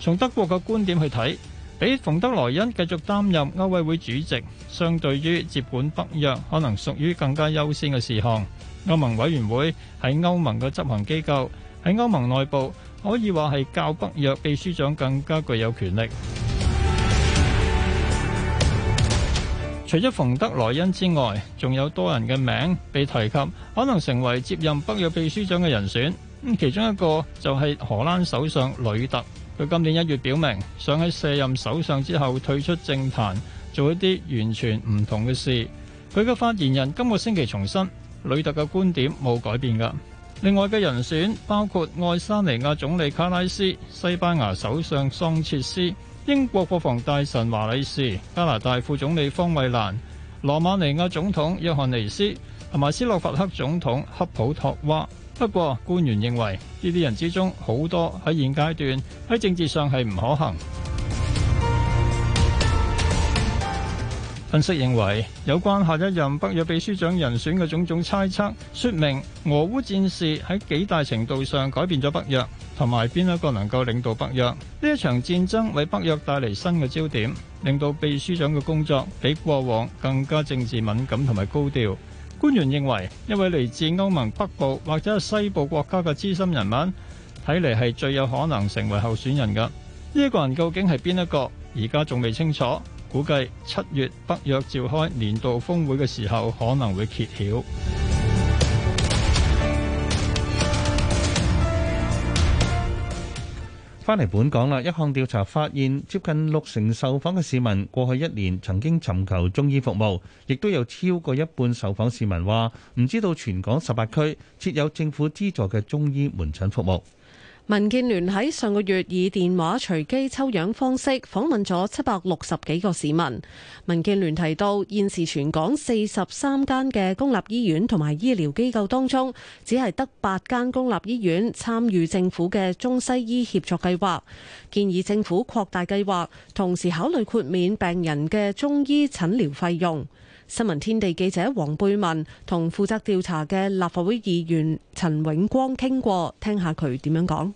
從德國嘅觀點去睇，俾馮德萊恩繼續擔任歐委會主席，相對於接管北約，可能屬於更加優先嘅事項。歐盟委員會係歐盟嘅執行機構，喺歐盟內部可以話，係較北約秘書長更加具有權力。除咗馮德萊恩之外，仲有多人嘅名被提及，可能成為接任北約秘書長嘅人選。咁其中一個就係荷蘭首相呂特，佢今年一月表明想喺卸任首相之後退出政壇，做一啲完全唔同嘅事。佢嘅發言人今個星期重申，呂特嘅觀點冇改變噶。另外嘅人選包括愛沙尼亞總理卡拉斯、西班牙首相桑切斯。英國國防大臣華理士、加拿大副總理方慧蘭、羅馬尼亞總統約翰尼斯，同埋斯洛伐克總統克普托娃。不過，官員認為呢啲人之中，好多喺現階段喺政治上係唔可行。分析認，認為，有關下一任北約秘書長人選嘅種種猜測，說明俄烏戰事喺幾大程度上改變咗北約，同埋邊一個能夠領導北約。呢一場戰爭為北約帶嚟新嘅焦點，令到秘書長嘅工作比過往更加政治敏感同埋高調。官員認為，一位嚟自歐盟北部或者西部國家嘅資深人物，睇嚟係最有可能成為候選人嘅。呢、這、一個人究竟係邊一個，而家仲未清楚。估計七月北約召開年度峰會嘅時候，可能會揭曉。翻嚟本港喇，一項調查發現，接近六成受訪嘅市民過去一年曾經尋求中醫服務，亦都有超過一半受訪市民話唔知道全港十八區設有政府資助嘅中醫門診服務。民建聯喺上個月以電話隨機抽樣方式訪問咗七百六十幾個市民。民建聯提到，現時全港四十三間嘅公立醫院同埋醫療機構當中，只係得八間公立醫院參與政府嘅中西醫協作計劃，建議政府擴大計劃，同時考慮豁免病人嘅中醫診療費用。新聞天地記者黃貝文同負責調查嘅立法會議員陳永光傾過，聽下佢點樣講。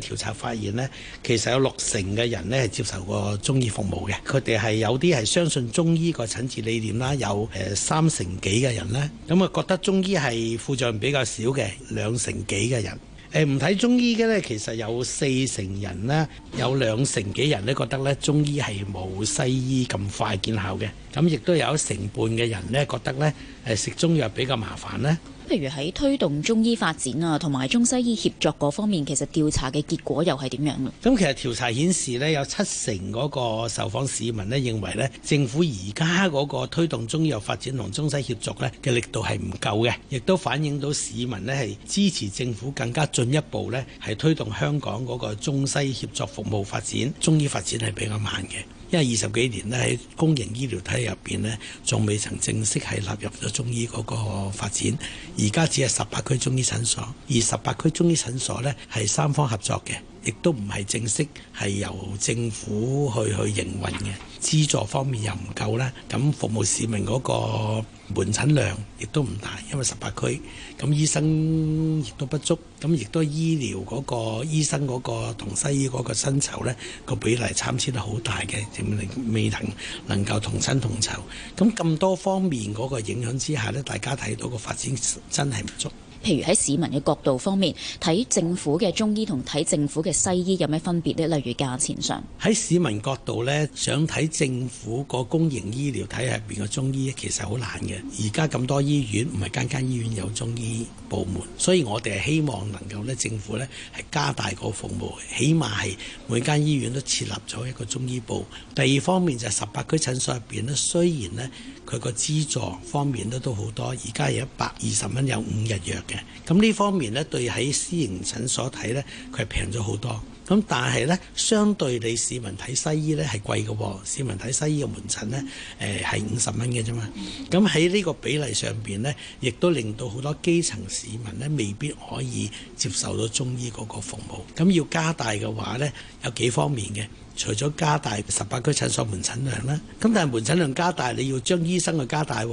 調查發現呢，其實有六成嘅人呢係接受過中醫服務嘅，佢哋係有啲係相信中醫個診治理念啦，有誒三成幾嘅人呢。咁啊覺得中醫係副作用比較少嘅，兩成幾嘅人。誒唔睇中醫嘅呢，其實有四成人咧，有兩成幾人呢覺得呢中醫係冇西醫咁快見效嘅，咁亦都有一成半嘅人呢覺得呢誒食中藥比較麻煩呢。譬如喺推動中醫發展啊，同埋中西醫協作嗰方面，其實調查嘅結果又係點樣啊？咁其實調查顯示咧，有七成嗰個受訪市民咧認為咧，政府而家嗰個推動中醫藥發展同中西協作咧嘅力度係唔夠嘅，亦都反映到市民咧係支持政府更加進一步咧係推動香港嗰個中西協作服務發展，中醫發展係比較慢嘅。因為二十幾年喺公營醫療體入邊咧，仲未曾正式係納入咗中醫嗰個發展。而家只係十八區中醫診所，而十八區中醫診所咧係三方合作嘅。亦都唔係正式係由政府去去營運嘅，資助方面又唔夠啦。咁服務市民嗰個門診量亦都唔大，因為十八區，咁醫生亦都不足。咁亦都醫療嗰個醫生嗰個同西醫嗰個薪酬咧個比例參差得好大嘅，並未能能夠同薪同酬。咁咁多方面嗰個影響之下咧，大家睇到個發展真係唔足。譬如喺市民嘅角度方面，睇政府嘅中醫同睇政府嘅西醫有咩分別咧？例如價錢上，喺市民角度咧，想睇政府個公營醫療體系入邊嘅中醫其實好難嘅。而家咁多醫院，唔係間間醫院有中醫部門，所以我哋係希望能夠咧，政府咧係加大個服務，起碼係每間醫院都設立咗一個中醫部。第二方面就係十八區診所入邊咧，雖然咧。佢個資助方面咧都好多，而家有一百二十蚊有五日藥嘅。咁呢方面呢，對喺私營診所睇呢，佢係平咗好多。咁但係呢，相對你市民睇西醫呢係貴嘅喎。哦，市民睇西醫嘅門診呢，誒係五十蚊嘅啫嘛。咁喺呢個比例上邊呢，亦都令到好多基層市民呢未必可以接受到中醫嗰個服務。咁要加大嘅話呢，有幾方面嘅。除咗加大十八區診所門診量啦，咁但係門診量加大，你要將醫生去加大，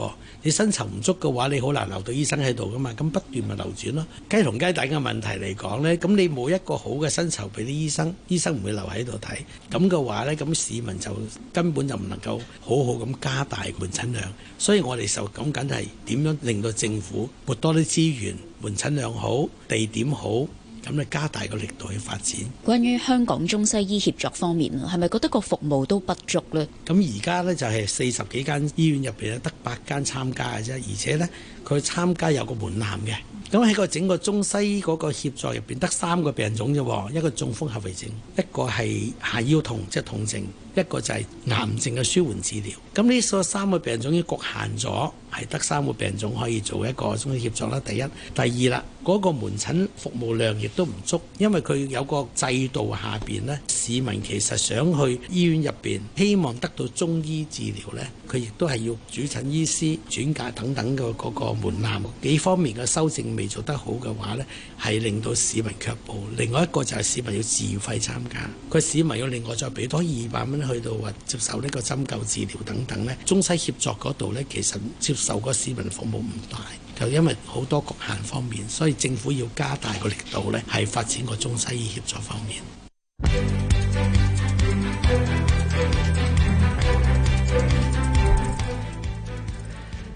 你薪酬唔足嘅話，你好難留到醫生喺度噶嘛，咁不斷咪流轉咯。雞同雞蛋嘅問題嚟講咧，咁你冇一個好嘅薪酬俾啲醫生，醫生唔會留喺度睇，咁嘅話咧，咁市民就根本就唔能夠好好咁加大門診量，所以我哋就講緊係點樣令到政府撥多啲資源，門診量好，地點好。咁你加大個力度去發展。關於香港中西醫協作方面啊，係咪覺得個服務都不足呢？咁而家呢，就係四十幾間醫院入邊啊，得八間參加嘅啫，而且呢，佢參加有個門檻嘅。咁喺個整個中西醫嗰個協作入邊，得三個病種啫，一個中風後遺症，一個係下腰痛即係、就是、痛症。一個就係癌症嘅舒緩治療，咁呢所三個病種已經局限咗，係得三個病種可以做一個中醫協作啦。第一，第二啦，嗰、那個門診服務量亦都唔足，因為佢有個制度下邊呢，市民其實想去醫院入邊希望得到中醫治療呢，佢亦都係要主診醫師轉介等等嘅嗰個門檻，幾方面嘅修正未做得好嘅話呢，係令到市民卻步。另外一個就係市民要自費參加，個市民要另外再俾多二百蚊。去到話接受呢個針灸治療等等，呢，中西協作嗰度呢，其實接受個市民服務唔大，就因為好多局限方面，所以政府要加大個力度呢，係發展個中西醫協作方面。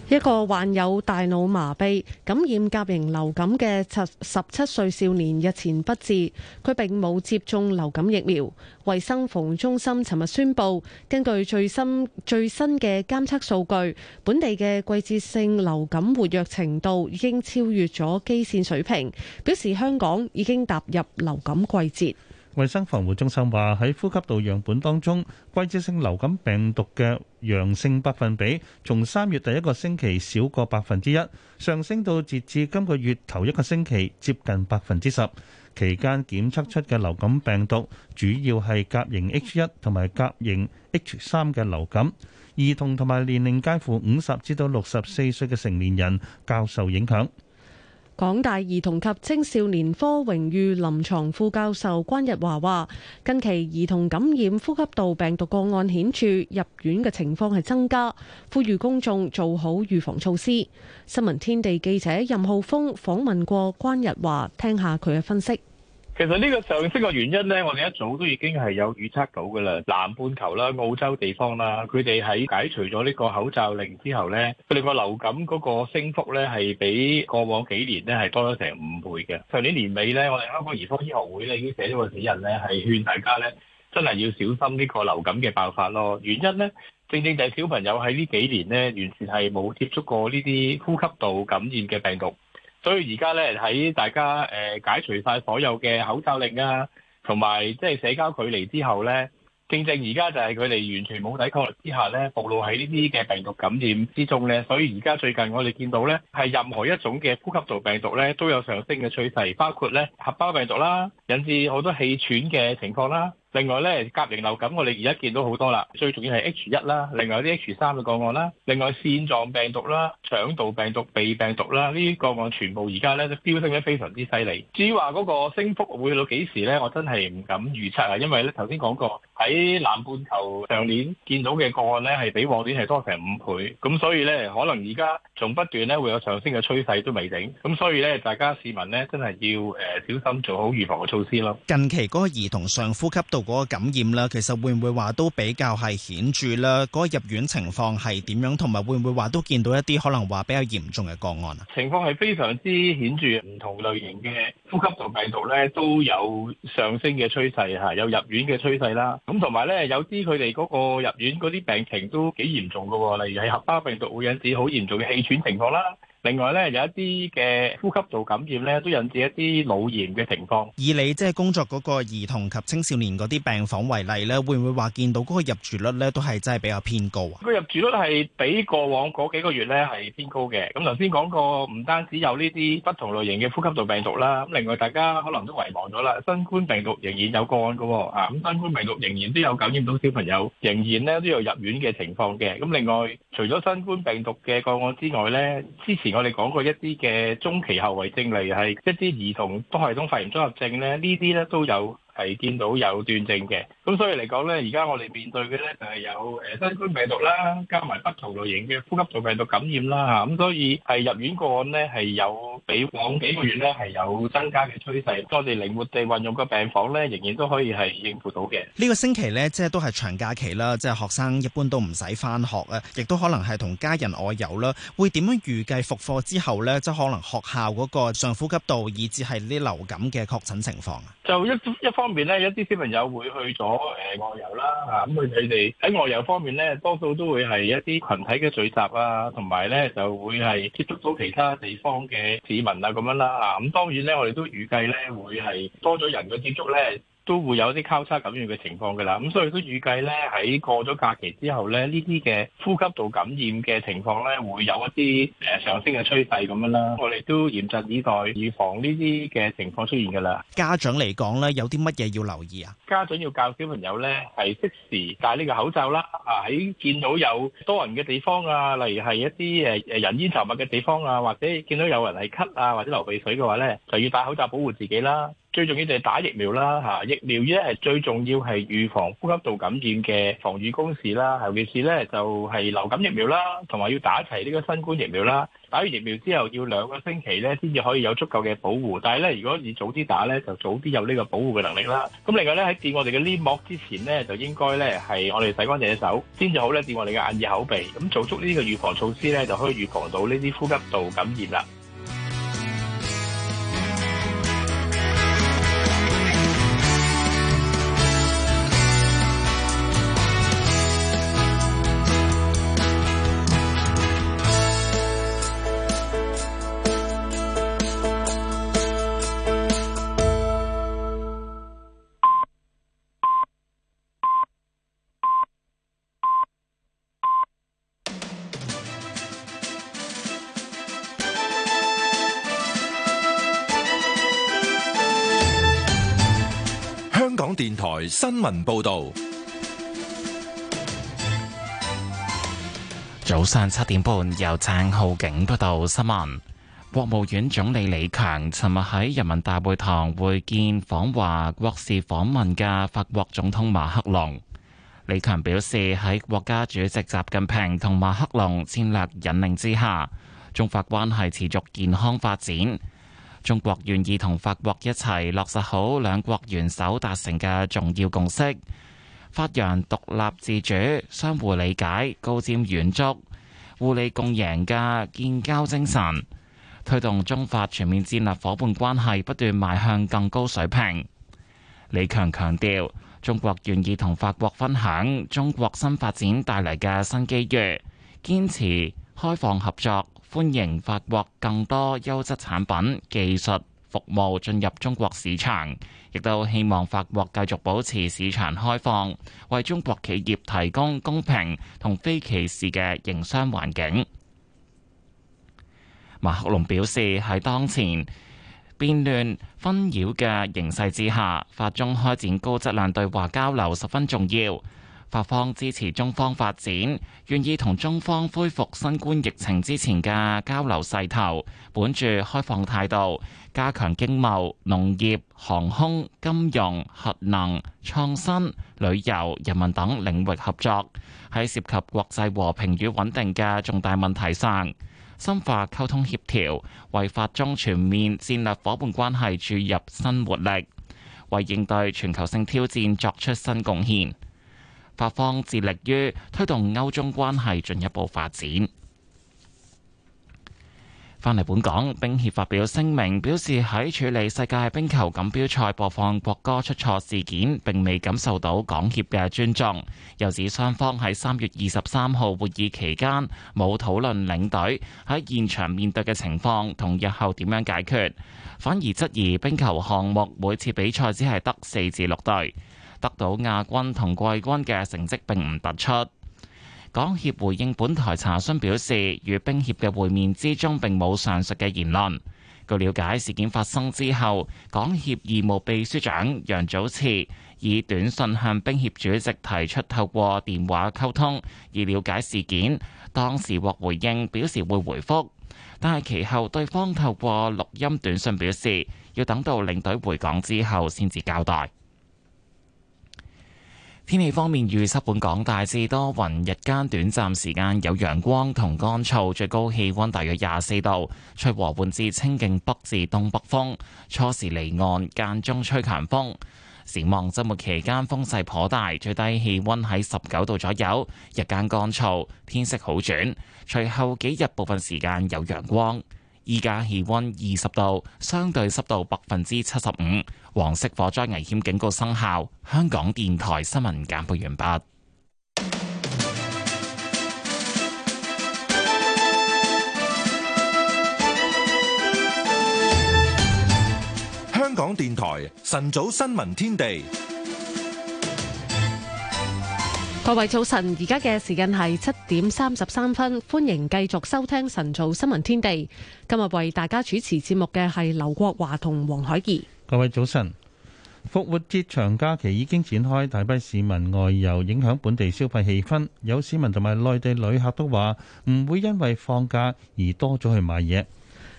一個患有大腦麻痹、感染甲型流感嘅十七歲少年日前不治，佢並冇接種流感疫苗。衛生防護中心尋日宣布，根據最新最新嘅監測數據，本地嘅季節性流感活躍程度已經超越咗基線水平，表示香港已經踏入流感季節。衛生防護中心話喺呼吸道樣本當中，季節性流感病毒嘅陽性百分比，從三月第一個星期少過百分之一，上升到截至今個月頭一個星期接近百分之十。期間檢測出嘅流感病毒，主要係甲型 H 一同埋甲型 H 三嘅流感。兒童同埋年齡介乎五十至到六十四歲嘅成年人較受影響。港大兒童及青少年科榮譽臨床副教授關日華話：近期兒童感染呼吸道病毒個案顯著入院嘅情況係增加，呼籲公眾做好預防措施。新聞天地記者任浩峰訪問過關日華，聽下佢嘅分析。其實呢個上升嘅原因咧，我哋一早都已經係有預測到噶啦。南半球啦、澳洲地方啦，佢哋喺解除咗呢個口罩令之後咧，佢哋個流感嗰個升幅咧係比過往幾年咧係多咗成五倍嘅。上年年尾咧，我哋香港兒科醫學會咧已經寫咗個指引咧，係勸大家咧真係要小心呢個流感嘅爆發咯。原因咧，正正就係小朋友喺呢幾年咧完全係冇接觸過呢啲呼吸道感染嘅病毒。所以而家咧喺大家誒解除晒所有嘅口罩令啊，同埋即係社交距離之後咧，正正而家就係佢哋完全冇抵抗力之下咧，暴露喺呢啲嘅病毒感染之中咧。所以而家最近我哋見到咧，係任何一種嘅呼吸道病毒咧都有上升嘅趨勢，包括咧合胞病毒啦，引致好多氣喘嘅情況啦。另外咧，甲型流感我哋而家見到好多啦，最重要係 H 一啦，另外啲 H 三嘅個案啦，另外腺狀病毒啦、腸道病毒、鼻病毒啦，呢啲個案全部而家咧都飆升得非常之犀利。至於話嗰個升幅會去到幾時咧，我真係唔敢預測啊，因為咧頭先講過喺南半球上年見到嘅個案咧係比往年係多成五倍，咁所以咧可能而家仲不斷咧會有上升嘅趨勢都未定，咁所以咧大家市民咧真係要誒小心做好預防嘅措施咯。近期嗰個兒童上呼吸道嗰個感染啦，其實會唔會話都比較係顯著咧？嗰個入院情況係點樣？同埋會唔會話都見到一啲可能話比較嚴重嘅個案啊？情況係非常之顯著，唔同類型嘅呼吸道病毒咧都有上升嘅趨勢嚇，有入院嘅趨勢啦。咁同埋咧，有啲佢哋嗰個入院嗰啲病情都幾嚴重噶，例如係合胞病毒會引致好嚴重嘅氣喘情況啦。另外咧，有一啲嘅呼吸道感染咧，都引致一啲腦炎嘅情況。以你即係工作嗰個兒童及青少年嗰啲病房為例咧，會唔會話見到嗰個入住率咧都係真係比較偏高啊？個入住率係比過往嗰幾個月咧係偏高嘅。咁頭先講過，唔單止有呢啲不同類型嘅呼吸道病毒啦，咁另外大家可能都遺忘咗啦，新冠病毒仍然有個案嘅喎啊！咁新冠病毒仍然都有感染到小朋友，仍然咧都有入院嘅情況嘅。咁另外，除咗新冠病毒嘅個案之外咧，之前我哋講過一啲嘅中期後遺症，例如係一啲兒童多系統發炎綜合症咧，呢啲咧都有。係見到有斷症嘅，咁所以嚟講呢，而家我哋面對嘅呢就係有誒、呃、新冠病毒啦，加埋不同類型嘅呼吸道病毒感染啦，嚇、啊、咁所以係入院個案呢，係有比往幾個月呢係有增加嘅趨勢。我哋靈活地運用嘅病房呢，仍然都可以係應付到嘅。呢個星期呢，即係都係長假期啦，即係學生一般都唔使返學啊，亦都可能係同家人外遊啦。會點樣預計復課之後呢？即可能學校嗰個上呼吸道以至係啲流感嘅確診情況啊？就一一方面咧，一啲小朋友會去咗誒外遊啦，咁佢哋喺外遊方面咧，多數都會係一啲群體嘅聚集啊，同埋咧就會係接觸到其他地方嘅市民啊，咁樣啦、啊。咁、嗯、當然咧，我哋都預計咧會係多咗人嘅接觸咧。都會有啲交叉感染嘅情況㗎喇，咁所以都預計咧喺過咗假期之後咧，呢啲嘅呼吸道感染嘅情況咧，會有一啲誒、呃、上升嘅趨勢咁樣啦。我哋都嚴陣以待，預防呢啲嘅情況出現㗎喇。家長嚟講咧，有啲乜嘢要留意啊？家長要教小朋友咧，係適時戴呢個口罩啦。啊，喺見到有多人嘅地方啊，例如係一啲誒誒人煙稠密嘅地方啊，或者見到有人係咳啊，或者流鼻水嘅話咧，就要戴口罩保護自己啦。最重要就係打疫苗啦，嚇、啊！疫苗咧係最重要係預防呼吸道感染嘅防禦工事啦，尤、啊、其呢、就係咧就係流感疫苗啦，同埋要打齊呢個新冠疫苗啦。打完疫苗之後要兩個星期咧先至可以有足夠嘅保護，但係咧如果你早啲打咧，就早啲有呢個保護嘅能力啦。咁另外咧喺掂我哋嘅黏膜之前咧，就應該咧係我哋洗乾淨隻手先至好咧掂我哋嘅眼耳口鼻。咁做足呢啲嘅預防措施咧，就可以預防到呢啲呼吸道感染啦。電台新聞報道，早上七點半由鄭浩景報道新聞。國務院總理李強尋日喺人民大會堂會見訪華，國事訪問嘅法國總統馬克龍。李強表示，喺國家主席習近平同馬克龍戰略引領之下，中法關係持續健康發展。中國願意同法國一齊落實好兩國元首達成嘅重要共識，發揚獨立自主、相互理解、高瞻遠矚、互利共贏嘅建交精神，推動中法全面戰略夥伴關係不斷邁向更高水平。李強強調，中國願意同法國分享中國新發展帶嚟嘅新機遇，堅持開放合作。歡迎法國更多優質產品、技術、服務進入中國市場，亦都希望法國繼續保持市場開放，為中國企業提供公平同非歧視嘅營商環境。馬克龍表示，喺當前變亂紛擾嘅形勢之下，法中開展高質量對話交流十分重要。法方支持中方發展，願意同中方恢復新冠疫情之前嘅交流勢頭，本住開放態度，加強經貿、農業、航空、金融、核能、創新、旅遊、人民等領域合作。喺涉及國際和平與穩定嘅重大問題上，深化溝通協調，為法中全面戰略伙伴關係注入新活力，為應對全球性挑戰作出新貢獻。法方致力於推動歐中關係進一步發展。返嚟本港，冰協發表聲明，表示喺處理世界冰球錦標賽播放國歌出錯事件，並未感受到港協嘅尊重。又指雙方喺三月二十三號會議期間冇討論領隊喺現場面對嘅情況同日後點樣解決，反而質疑冰球項目每次比賽只係得四至六隊。得到亞軍同季軍嘅成績並唔突出。港協回應本台查詢表示，與冰協嘅會面之中並冇上述嘅言論。據了解，事件發生之後港協義務秘書長楊祖慈以短信向冰協主席提出透過電話溝通以了解事件，當時獲回應表示會回覆，但係其後對方透過錄音短信表示要等到領隊回港之後先至交代。天氣方面，預測本港大致多雲，日間短暫時間有陽光同乾燥，最高氣溫大約廿四度，吹和緩至清勁北至東北風，初時離岸，間中吹強風。展望週末期間風勢頗大，最低氣溫喺十九度左右，日間乾燥，天色好轉，隨後幾日部分時間有陽光。依家氣溫二十度，相對濕度百分之七十五，黃色火災危險警告生效。香港電台新聞簡報完畢。香港電台晨早新聞天地。各位早晨，而家嘅時間係七點三十三分，歡迎繼續收聽晨早新聞天地。今日為大家主持節目嘅係劉國華同黃海怡，各位早晨，復活節長假期已經展開，大批市民外遊，影響本地消費氣氛。有市民同埋內地旅客都話唔會因為放假而多咗去買嘢。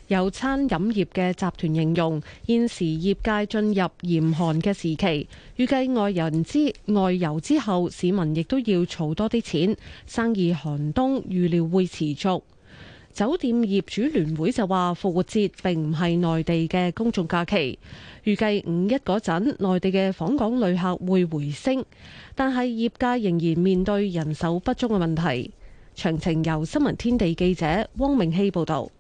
有餐飲業嘅集團形容，現時業界進入嚴寒嘅時期，預計外人之外遊之後，市民亦都要儲多啲錢，生意寒冬預料會持續。酒店業主聯會就話，復活節並唔係內地嘅公眾假期，預計五一嗰陣，內地嘅訪港旅客會回升，但係業界仍然面對人手不足嘅問題。詳情由新聞天地記者汪明熙報道。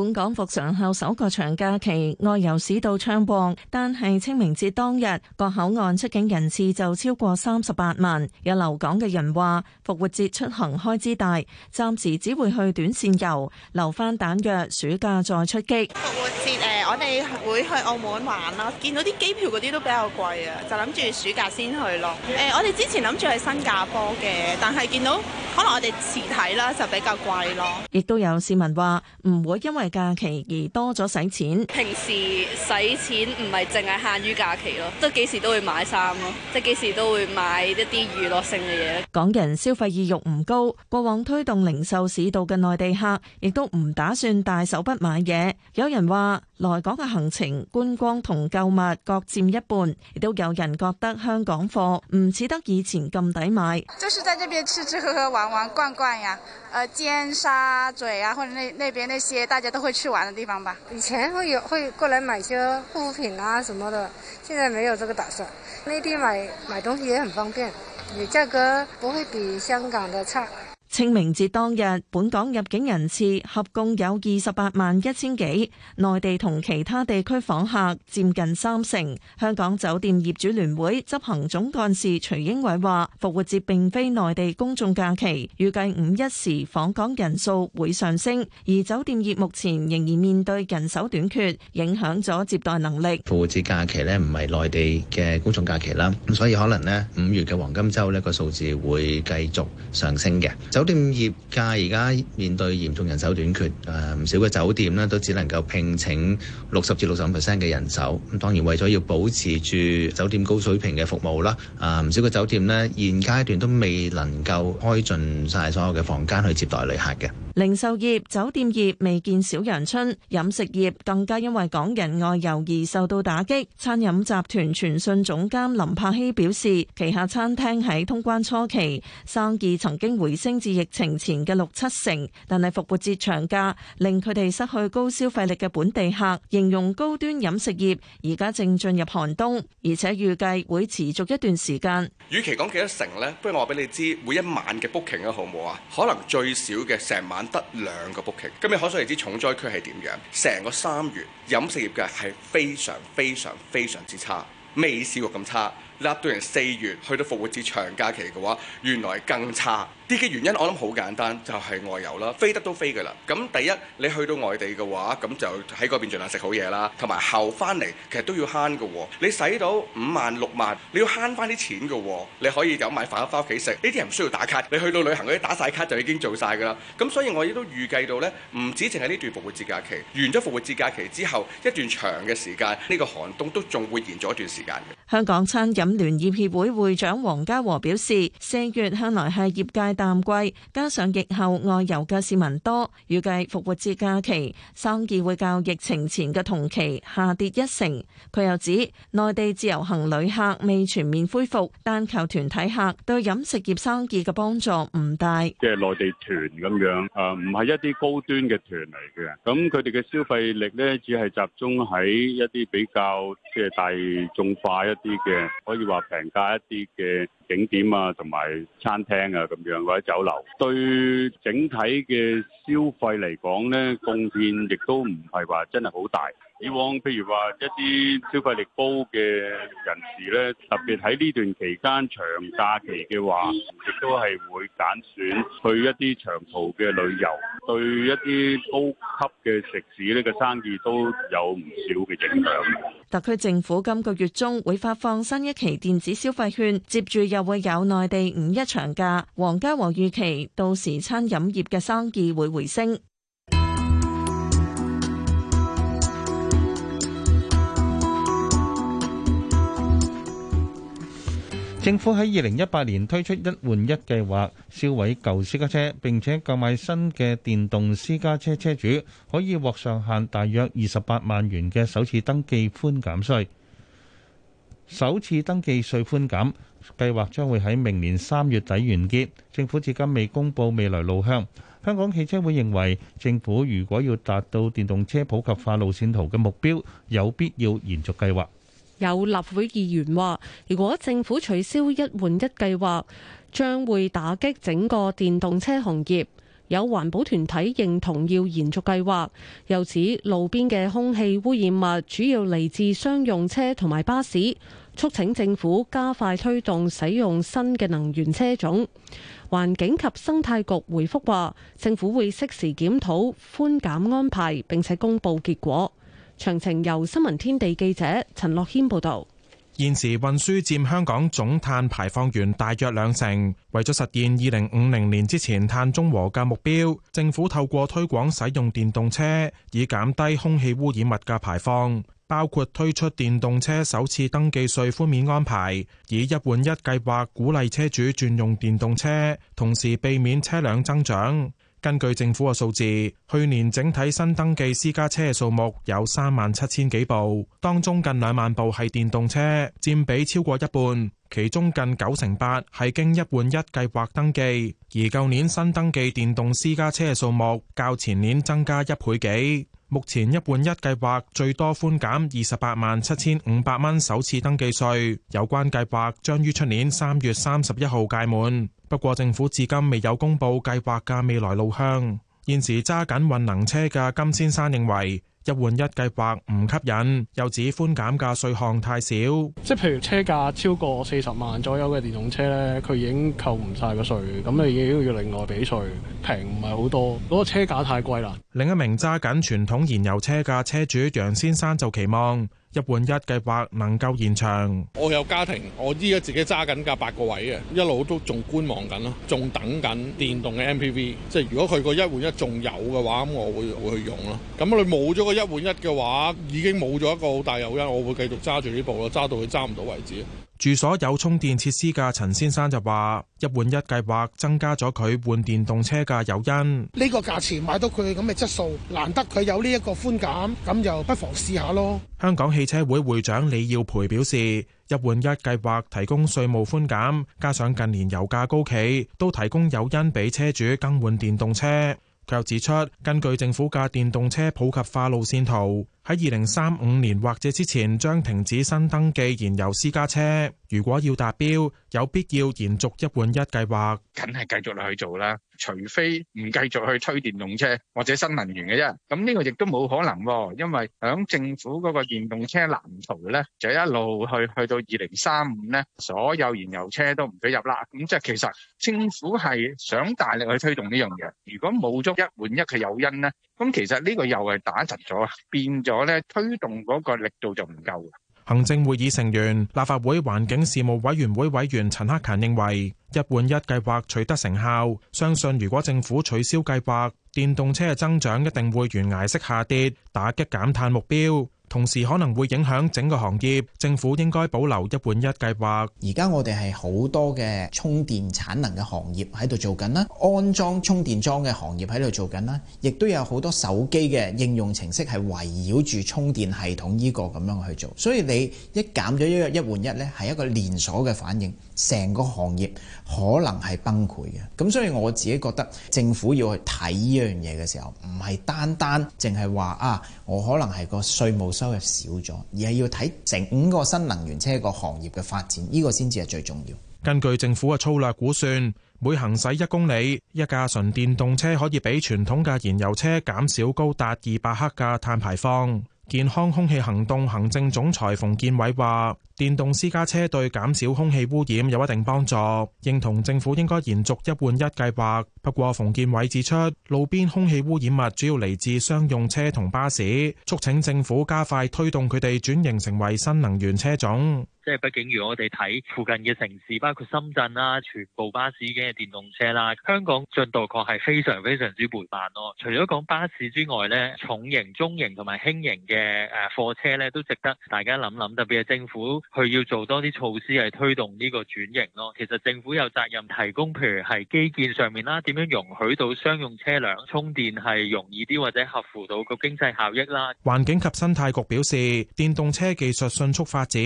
本港復常後首個長假期，外遊市道暢旺，但係清明節當日，各口岸出境人次就超過三十八萬，有留港嘅人話復活節出行開支大，暫時只會去短線遊留翻彈藥暑假再出擊。復活節誒、呃，我哋會去澳門玩咯，見到啲機票嗰啲都比較貴啊，就諗住暑假先去咯。誒、呃，我哋之前諗住去新加坡嘅，但係見到可能我哋遲睇啦，就比較貴咯。亦都有市民話唔會因為。假期而多咗使錢，平時使錢唔係淨係限於假期咯，即幾時都會買衫咯，即係幾時都會買一啲娛樂性嘅嘢。港人消費意欲唔高，過往推動零售市道嘅內地客，亦都唔打算大手筆買嘢。有人話。來港嘅行程、觀光同購物各佔一半，亦都有人覺得香港貨唔似得以前咁抵買。就是喺呢邊吃吃喝喝、玩玩逛逛呀，呃、尖沙咀啊，啊，或者那那邊那些大家都會去玩嘅地方吧。以前會有會過來買些護膚品啊什麼的，現在沒有這個打算。內地買買東西也很方便，你價格不會比香港的差。清明節當日，本港入境人次合共有二十八萬一千幾，內地同其他地區訪客佔近三成。香港酒店業主聯會執行總幹事徐英偉話，復活節並非內地公眾假期，預計五一時訪港人數會上升，而酒店業目前仍然面對人手短缺，影響咗接待能力。復活節假期呢唔係內地嘅公眾假期啦，咁所以可能呢五月嘅黃金週呢個數字會繼續上升嘅。酒店業界而家面對嚴重人手短缺，誒唔少嘅酒店咧都只能夠聘請六十至六十五 percent 嘅人手。咁當然為咗要保持住酒店高水平嘅服務啦，誒唔少嘅酒店咧現階段都未能夠開盡晒所有嘅房間去接待旅客嘅。零售業、酒店業未見小陽春，飲食業更加因為港人外遊而受到打擊。餐飲集團傳訊總監林柏希表示，旗下餐廳喺通關初期生意曾經回升至疫情前嘅六七成，但係復活節長假令佢哋失去高消費力嘅本地客，形容高端飲食業而家正進入寒冬，而且預計會持續一段時間。與其講幾多成呢？不如我話俾你知，每一晚嘅 booking 啦，好唔好啊？可能最少嘅成晚。得兩個 book 期，噉你可想而知重災區係點樣？成個三月飲食業嘅係非常非常非常之差，未試過咁差。笠到人四月去到復活節長假期嘅話，原來更差。啲嘅原因我諗好簡單，就係外遊啦，飛得都飛嘅啦。咁第一，你去到外地嘅話，咁就喺嗰邊盡量食好嘢啦，同埋後翻嚟其實都要慳嘅喎。你使到五萬六萬，你要慳翻啲錢嘅喎。你可以有買飯盒翻屋企食，呢啲人唔需要打卡。你去到旅行嗰啲打晒卡，就已經做晒㗎啦。咁所以我亦都預計到呢，唔止淨係呢段復活節假期，完咗復活節假期之後一段長嘅時間，呢個寒冬都仲會延咗一段時間嘅。香港餐飲聯業協會會長黃家和表示，四月向來係業界淡季加上疫後外遊嘅市民多，預計復活節假期生意會較疫情前嘅同期下跌一成。佢又指內地自由行旅客未全面恢復，但求團體客對飲食業生意嘅幫助唔大。即係內地團咁樣，誒，唔係一啲高端嘅團嚟嘅，咁佢哋嘅消費力咧只係集中喺一啲比較即係、就是、大眾化一啲嘅，可以話平價一啲嘅。景點啊，同埋餐廳啊，咁樣或者酒樓，對整體嘅消費嚟講咧，貢獻亦都唔係話真係好大。以往譬如話一啲消費力高嘅人士咧，特別喺呢段期間長假期嘅話，亦都係會揀選選去一啲長途嘅旅遊，對一啲高級嘅食肆呢個生意都有唔少嘅影響。特區政府今個月中會發放新一期電子消費券，接住又會有內地五一長假，黃家和預期到時餐飲業嘅生意會回升。政府喺二零一八年推出一換一計劃，銷毀舊私家車，並且購買新嘅電動私家車，車主可以獲上限大約二十八萬元嘅首次登記寬減稅。首次登記稅寬減計劃將會喺明年三月底完結。政府至今未公布未來路向。香港汽車會認為，政府如果要達到電動車普及化路線圖嘅目標，有必要延續計劃。有立會議員話：如果政府取消一換一計劃，將會打擊整個電動車行業。有環保團體認同要延續計劃，又指路邊嘅空氣污染物主要嚟自商用車同埋巴士，促請政府加快推動使用新嘅能源車種。環境及生態局回覆話：政府會適時檢討寬減安排，並且公佈結果。詳情由新聞天地記者陳樂軒報道。現時運輸佔香港總碳排放源大約兩成，為咗實現二零五零年之前碳中和嘅目標，政府透過推廣使用電動車，以減低空氣污染物嘅排放，包括推出電動車首次登記稅寬免安排，以一換一計劃鼓勵車主轉用電動車，同時避免車輛增長。根據政府嘅數字，去年整體新登記私家車嘅數目有三萬七千幾部，當中近兩萬部係電動車，占比超過一半，其中近九成八係經一換一計劃登記。而舊年新登記電動私家車嘅數目較前年增加一倍幾。目前一換一計劃最多寬減二十八萬七千五百蚊首次登記稅，有關計劃將於出年三月三十一號屆滿。不過政府至今未有公布計劃嘅未來路向。現時揸緊運能車嘅金先生認為。一換一計劃唔吸引，又指寬減價稅項太少。即係譬如車價超過四十萬左右嘅電動車咧，佢已經扣唔晒個稅，咁你亦都要另外俾稅，平唔係好多。嗰個車價太貴啦。另一名揸緊傳統燃油車嘅車主楊先生就期望，一換一計劃能夠延長，我有家庭，我依家自己揸緊架八個位嘅，一路都仲觀望緊咯，仲等緊電動嘅 MPV，即係如果佢個一換一仲有嘅話，咁我會會去用咯。咁你冇咗個一換一嘅話，已經冇咗一個好大誘因，我會繼續揸住呢部咯，揸到佢揸唔到為止。住所有充電設施嘅陳先生就話，一換一計劃增加咗佢換電動車嘅誘因。呢個價錢買到佢咁嘅質素，難得佢有呢一個寬減，咁就不妨試下咯。香港汽車會會長李耀培表示，一換一計劃提供稅務寬減，加上近年油價高企，都提供誘因俾車主更換電動車。佢又指出，根據政府嘅電動車普及化路線圖。喺二零三五年或者之前，將停止新登記燃油私家車。如果要達標，有必要延續一換一計劃，梗係繼續落去做啦。除非唔繼續去推電動車或者新能源嘅啫。咁呢個亦都冇可能，啊，因為響政府嗰個電動車藍圖呢，就一路去去到二零三五呢，所有燃油車都唔俾入啦。咁即係其實政府係想大力去推動呢樣嘢。如果冇咗一換一嘅誘因呢，咁其實呢個又係打窒咗，變咗咧推動嗰個力度就唔夠。行政會議成員、立法會環境事務委員會委員陳克勤認為，一換一計劃取得成效，相信如果政府取消計劃，電動車嘅增長一定會懸崖式下跌，打擊減碳目標。同時可能會影響整個行業，政府應該保留一換一計劃。而家我哋係好多嘅充電產能嘅行業喺度做緊啦，安裝充電樁嘅行業喺度做緊啦，亦都有好多手機嘅應用程式係圍繞住充電系統呢個咁樣去做。所以你一減咗一個一換一咧，係一,一,一個連鎖嘅反應，成個行業可能係崩潰嘅。咁所以我自己覺得政府要去睇呢樣嘢嘅時候，唔係單單淨係話啊，我可能係個稅務。收入少咗，而係要睇整個新能源車個行業嘅發展，呢個先至係最重要。根據政府嘅粗略估算，每行駛一公里，一架純電動車可以比傳統嘅燃油車減少高達二百克嘅碳排放。健康空氣行動行政總裁馮建偉話，電動私家車對減少空氣污染有一定幫助，認同政府應該延續一換一計劃。不過，馮建偉指出，路邊空氣污染物主要嚟自商用車同巴士，促請政府加快推動佢哋轉型成為新能源車種。即係畢竟，如果我哋睇附近嘅城市，包括深圳啦，全部巴士已經係電動車啦。香港進度確係非常非常之緩慢咯。除咗講巴士之外，呢重型、中型同埋輕型嘅誒貨車呢，都值得大家諗諗。特別係政府，佢要做多啲措施係推動呢個轉型咯。其實政府有責任提供，譬如係基建上面啦，點樣容許到商用車輛充電係容易啲，或者合乎到個經濟效益啦。環境及生態局表示，電動車技術迅速發展。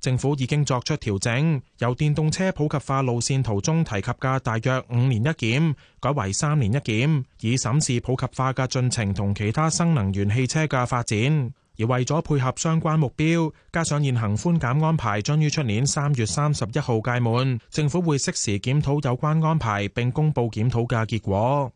政府已經作出調整，由電動車普及化路線圖中提及嘅大約五年一檢，改為三年一檢，以審視普及化嘅進程同其他新能源汽車嘅發展。而為咗配合相關目標，加上現行寬減安排將於出年三月三十一號屆滿，政府會適時檢討有關安排並公佈檢討嘅結果。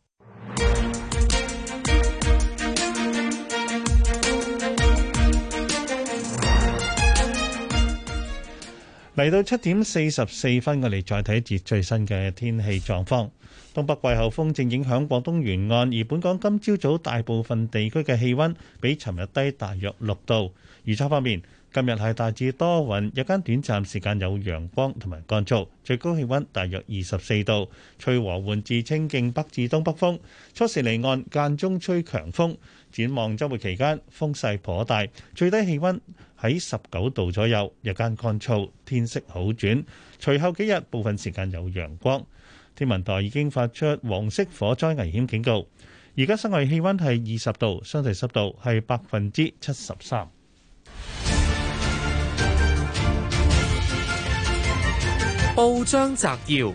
嚟到七點四十四分，我哋再睇一節最新嘅天氣狀況。東北季候風正影響廣東沿岸，而本港今朝早大部分地區嘅氣温比尋日低大約六度。預測方面，今日係大致多雲，日間短暫時間有陽光同埋乾燥，最高氣温大約二十四度，吹和緩至清勁北至東北風，初時離岸間中吹強風。展望周末期間，風勢頗大，最低氣温喺十九度左右，日間乾燥，天色好轉。隨後幾日部分時間有陽光。天文台已經發出黃色火災危險警告。而家室外氣溫係二十度，相對濕度係百分之七十三。報章摘要：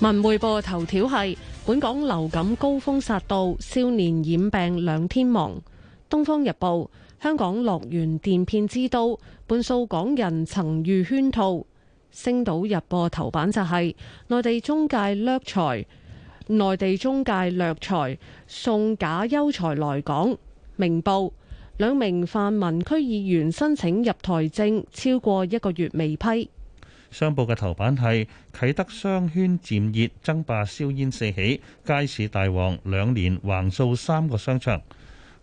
文匯報頭條係《本港流感高峰殺到，少年染病兩天亡》。東方日報。香港樂園電騙之都，半數港人曾遇圈套。星島日報頭版就係內地中介掠財，內地中介掠財送假優才來港。明報兩名泛民區議員申請入台證，超過一個月未批。商報嘅頭版係啟德商圈漸熱，爭霸硝煙四起，街市大王兩年橫掃三個商場。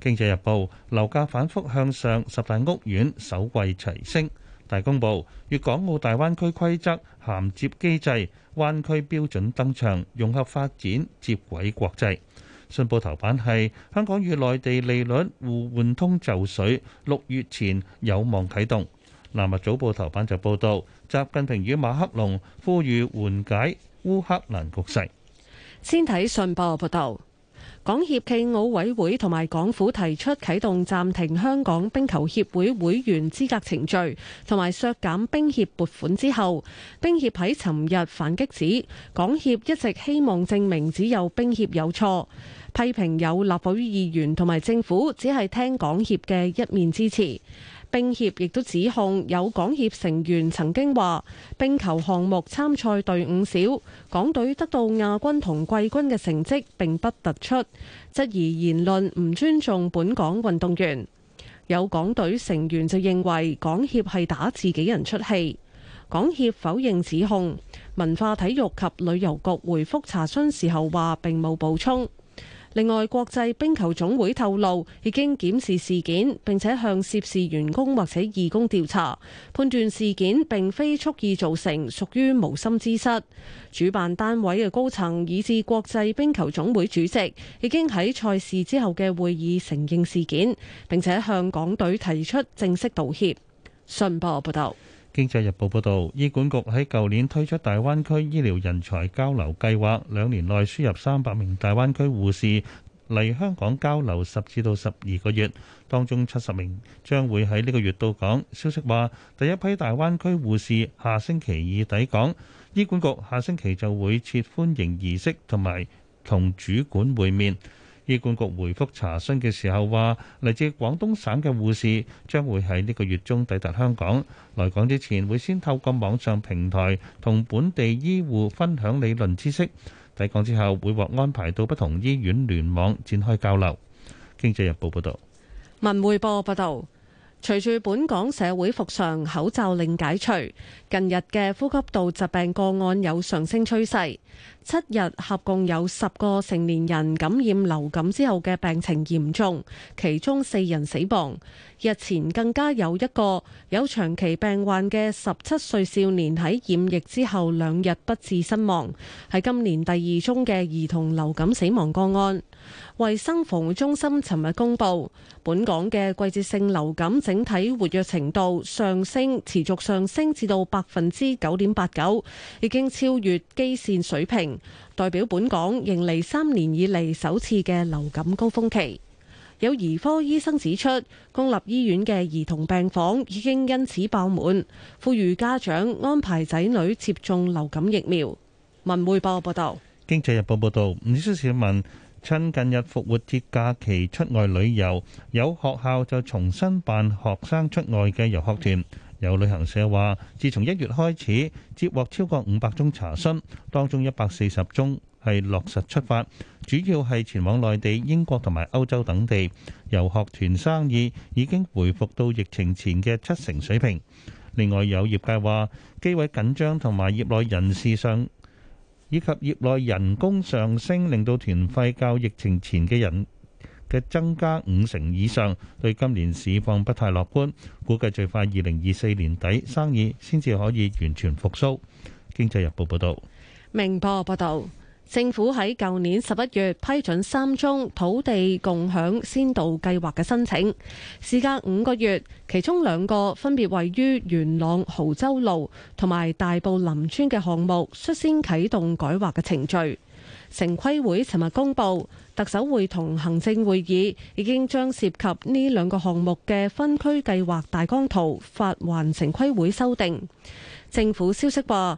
《經濟日報》樓價反覆向上，十大屋苑首季齊升。大公報：粵港澳大灣區規則銜接機制，灣區標準登場，融合發展接軌國際。信報頭版係香港與內地利率互換通就緒，六月前有望啟動。南華早報頭版就報導，習近平與馬克龍呼籲緩解烏克蘭局勢。先睇信報嘅報道。港協暨奧委會同埋港府提出啟動暫停香港冰球協會會員資格程序，同埋削減冰協撥款之後，冰協喺尋日反擊，指港協一直希望證明只有冰協有錯，批評有立法會議員同埋政府只係聽港協嘅一面之詞。冰協亦都指控有港協成員曾經話冰球項目參賽隊伍少，港隊得到亞軍同季軍嘅成績並不突出，質疑言論唔尊重本港運動員。有港隊成員就認為港協係打自己人出氣。港協否認指控，文化體育及旅遊局回覆查詢時候話並冇補充。另外，國際冰球總會透露已經檢視事件，並且向涉事員工或者義工調查，判斷事件並非蓄意造成，屬於無心之失。主辦單位嘅高層以至國際冰球總會主席已經喺賽事之後嘅會議承認事件，並且向港隊提出正式道歉。信報報道。經濟日報報導，醫管局喺舊年推出大灣區醫療人才交流計劃，兩年內輸入三百名大灣區護士嚟香港交流十至到十二個月，當中七十名將會喺呢個月到港。消息話，第一批大灣區護士下星期二抵港，醫管局下星期就會設歡迎儀式同埋同主管會面。醫管局回覆查詢嘅時候話，嚟自廣東省嘅護士將會喺呢個月中抵達香港。來港之前會先透過網上平台同本地醫護分享理論知識。抵港之後會獲安排到不同醫院聯網展開交流。經濟日報報道。文匯報報道，隨住本港社會服上口罩令解除，近日嘅呼吸道疾病個案有上升趨勢。七日合共有十個成年人感染流感之後嘅病情嚴重，其中四人死亡。日前更加有一個有長期病患嘅十七歲少年喺染疫之後兩日不治身亡，係今年第二宗嘅兒童流感死亡個案。衛生防護中心尋日公布，本港嘅季節性流感整體活躍程度上升，持續上升至到百分之九點八九，已經超越基線水平。代表本港迎嚟三年以嚟首次嘅流感高峰期，有兒科醫生指出，公立醫院嘅兒童病房已經因此爆滿，呼籲家長安排仔女接種流感疫苗。文匯報報道，經濟日報報道，唔少市民趁近日復活節假期出外旅遊，有學校就重新辦學生出外嘅遊學團。有旅行社話，自從一月開始接獲超過五百宗查詢，當中一百四十宗係落實出發，主要係前往內地、英國同埋歐洲等地。遊學團生意已經回復到疫情前嘅七成水平。另外，有業界話機位緊張同埋業內人士上以及業內人工上升，令到團費較疫情前嘅人。嘅增加五成以上，對今年市況不太樂觀，估計最快二零二四年底生意先至可以完全復蘇。經濟日報報道，明報報道，政府喺舊年十一月批准三宗土地共享先導計劃嘅申請，時隔五個月，其中兩個分別位於元朗濠州路同埋大埔林村嘅項目，率先啟動改劃嘅程序。城規會尋日公布。特首會同行政會議已經將涉及呢兩個項目嘅分區計劃大綱圖發還城規會修訂。政府消息話，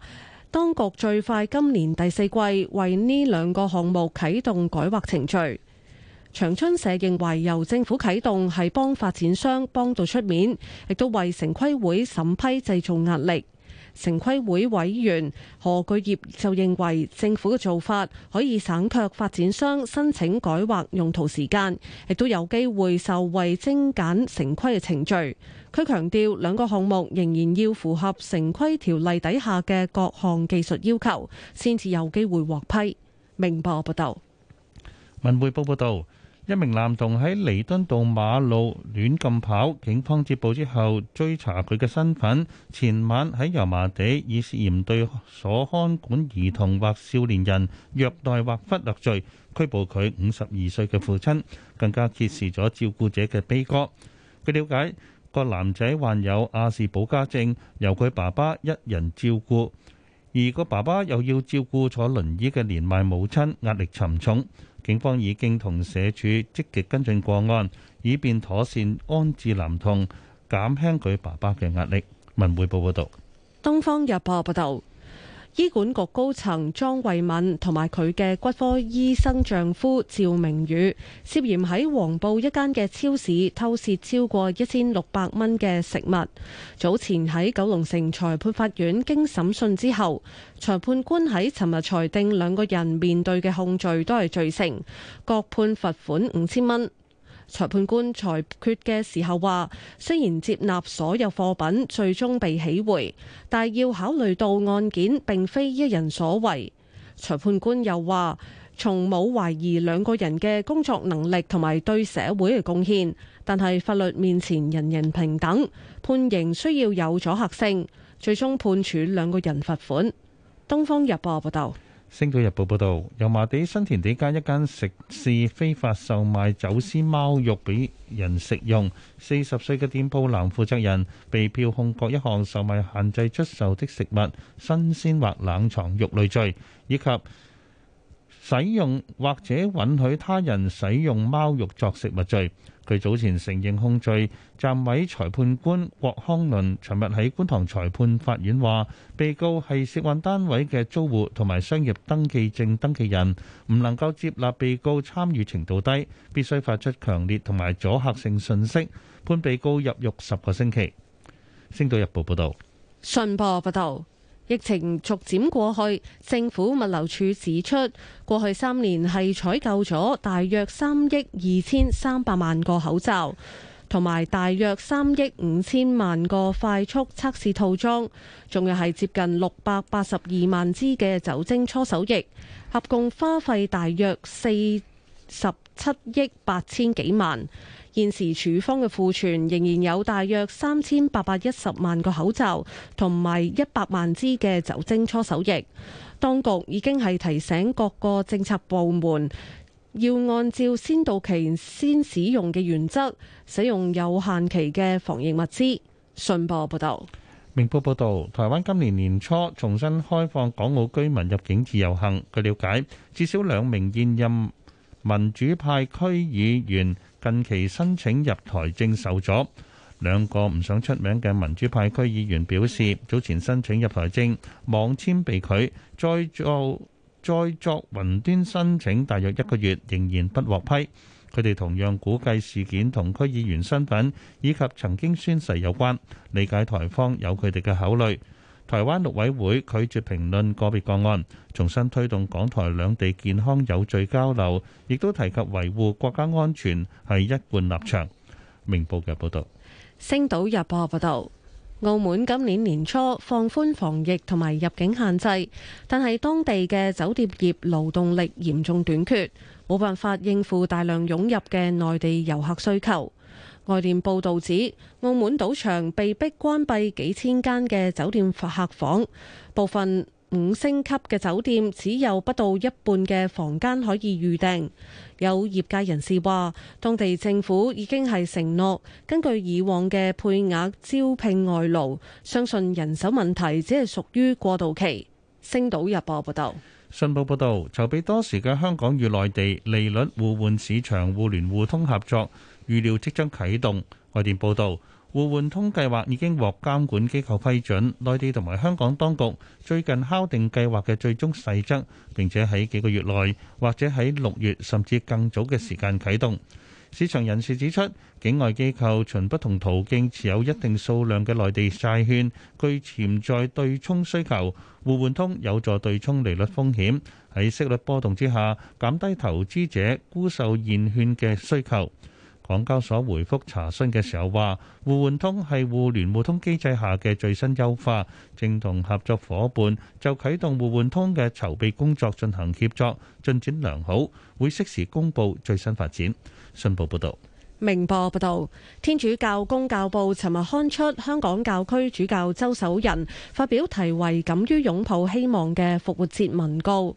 當局最快今年第四季為呢兩個項目啟動改劃程序。長春社認為，由政府啟動係幫發展商幫到出面，亦都為城規會審批製造壓力。城規會委員何巨業就認為，政府嘅做法可以省卻發展商申請改劃用途時間，亦都有機會受惠精簡城規嘅程序。佢強調，兩個項目仍然要符合城規條例底下嘅各項技術要求，先至有機會獲批。明報報道，文匯報報道。一名男童喺彌敦道馬路亂咁跑，警方接報之後追查佢嘅身份。前晚喺油麻地以涉嫌對所看管兒童或少年人虐待或忽略罪拘捕佢五十二歲嘅父親，更加揭示咗照顧者嘅悲歌。據了解，個男仔患有亞氏保加症，由佢爸爸一人照顧。而個爸爸又要照顧坐輪椅嘅年邁母親，壓力沉重。警方已經同社署積極跟進個案，以便妥善安置男童，減輕佢爸爸嘅壓力。文匯報報道，東方日報報道。醫管局高層莊慧敏同埋佢嘅骨科醫生丈夫趙明宇涉嫌喺黃埔一間嘅超市偷竊超過一千六百蚊嘅食物。早前喺九龍城裁判法院經審訊之後，裁判官喺尋日裁定兩個人面對嘅控罪都係罪成，各判罰款五千蚊。裁判官裁決嘅時候話：雖然接納所有貨品最終被起回，但係要考慮到案件並非一人所為。裁判官又話：從冇懷疑兩個人嘅工作能力同埋對社會嘅貢獻，但係法律面前人人平等，判刑需要有阻嚇性。最終判處兩個人罰款。《東方日報》報道。《星島日報》報導，油麻地新填地街一間食肆非法售賣走私貓肉俾人食用。四十歲嘅店鋪男負責人被票控各一項售賣限制出售的食物、新鮮或冷藏肉類罪，以及使用或者允許他人使用貓肉作食物罪。佢早前承認控罪，暫委裁判官郭康倫尋日喺觀塘裁判法院話，被告係涉案單位嘅租戶同埋商業登記證登記人，唔能夠接納被告參與程度低，必須發出強烈同埋阻嚇性訊息，判被告入獄十個星期。星島日報報道，信報報道。疫情逐漸過去，政府物流署指出，過去三年係採購咗大約三億二千三百萬個口罩，同埋大約三億五千萬個快速測試套裝，仲有係接近六百八十二萬支嘅酒精搓手液，合共花費大約四十七億八千幾萬。現時署方嘅庫存仍然有大約三千八百一十萬個口罩，同埋一百萬支嘅酒精搓手液。當局已經係提醒各個政策部門要按照先到期先使用嘅原則使用有限期嘅防疫物資。信報報道：「明報報道，台灣今年年初重新開放港澳居民入境自由行。據了解，至少兩名現任民主派區議員。近期申請入台證受阻，兩個唔想出名嘅民主派區議員表示，早前申請入台證網簽被拒，再作再作雲端申請，大約一個月仍然不獲批。佢哋同樣估計事件同區議員身份以及曾經宣誓有關，理解台方有佢哋嘅考慮。台灣陸委會拒絕評論個別個案，重新推動港台兩地健康有序交流，亦都提及維護國家安全係一貫立場。明報嘅報道，星島日報嘅報道，澳門今年年初放寬防疫同埋入境限制，但係當地嘅酒店業勞動力嚴重短缺，冇辦法應付大量湧入嘅內地遊客需求。外電報道指，澳門賭場被迫關閉幾千間嘅酒店客房，部分五星級嘅酒店只有不到一半嘅房間可以預訂。有業界人士話，當地政府已經係承諾根據以往嘅配額招聘外勞，相信人手問題只係屬於過渡期。星島日報報道。信報報道，籌備多時嘅香港與內地利率互換市場互聯互通合作，預料即將啟動。外電報道，互換通計劃已經獲監管機構批准。內地同埋香港當局最近敲定計劃嘅最終細則，並且喺幾個月內或者喺六月甚至更早嘅時間啟動。市場人士指出，境外機構循不同途徑持有一定數量嘅內地債券，具潛在對沖需求。互換通有助對沖利率風險，喺息率波動之下減低投資者沽售現券嘅需求。港交所回覆查詢嘅時候話：互換通係互聯互通機制下嘅最新優化，正同合作伙伴就啟動互換通嘅籌備工作進行協作，進展良好，會適時公佈最新發展。信報報導，明報報道：「天主教公教部尋日刊出香港教區主教周守仁發表題為《敢於擁抱希望嘅復活節文告》。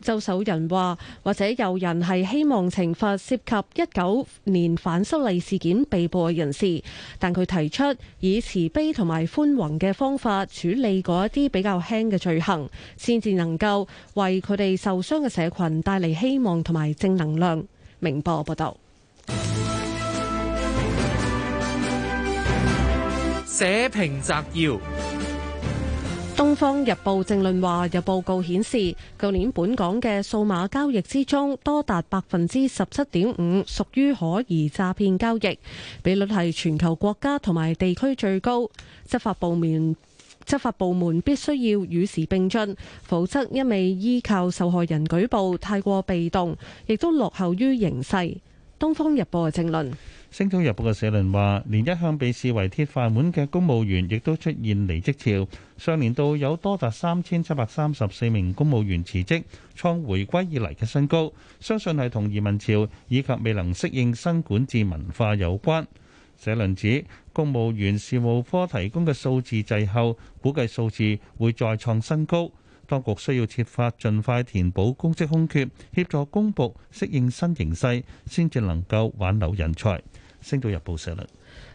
周守仁話：或者有人係希望懲罰涉及一九年反修例事件被捕嘅人士，但佢提出以慈悲同埋寬宏嘅方法處理嗰一啲比較輕嘅罪行，先至能夠為佢哋受傷嘅社群帶嚟希望同埋正能量。明報報道：社評摘要。《東方日報》正論話有報告顯示，舊年本港嘅數碼交易之中，多達百分之十七點五屬於可疑詐騙交易，比率係全球國家同埋地區最高。執法部門執法部門必須要與時並進，否則一味依靠受害人舉報太過被動，亦都落後於形勢。《東方日報》嘅正論。《星島日報》嘅社論話，連一向被視為鐵飯碗嘅公務員，亦都出現離職潮。上年度有多達三千七百三十四名公務員辭職，創回歸以嚟嘅新高。相信係同移民潮以及未能適應新管治文化有關。社論指，公務員事務科提供嘅數字滯後，估計數字會再創新高。當局需要設法盡快填補公職空缺，協助公僕適應新形勢，先至能夠挽留人才。升到日報社率。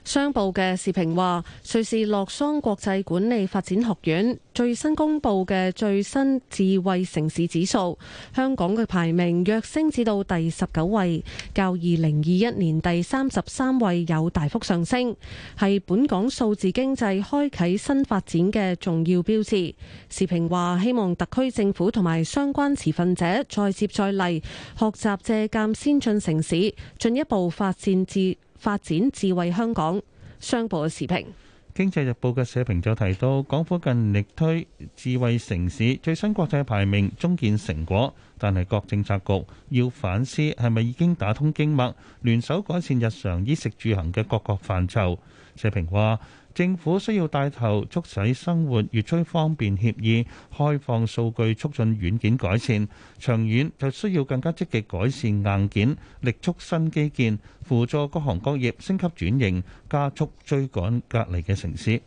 商報嘅時評話，瑞士洛桑國際管理發展學院最新公布嘅最新智慧城市指數，香港嘅排名躍升至到第十九位，較二零二一年第三十三位有大幅上升，係本港數字經濟開啓新發展嘅重要標誌。時評話，希望特區政府同埋相關持份者再接再厲，學習借鑑先進城市，進一步發展至。發展智慧香港，商報嘅時評，《經濟日報》嘅社評就提到，港府近力推智慧城市，最新國際排名中見成果，但係各政策局要反思係咪已經打通經脈，聯手改善日常衣食住行嘅各個範疇。社評話。政府需要帶頭促使生活越趨方便、協議開放數據，促進軟件改善。長遠就需要更加積極改善硬件，力促新基建，輔助各行各業升級轉型，加速追趕隔離嘅城市。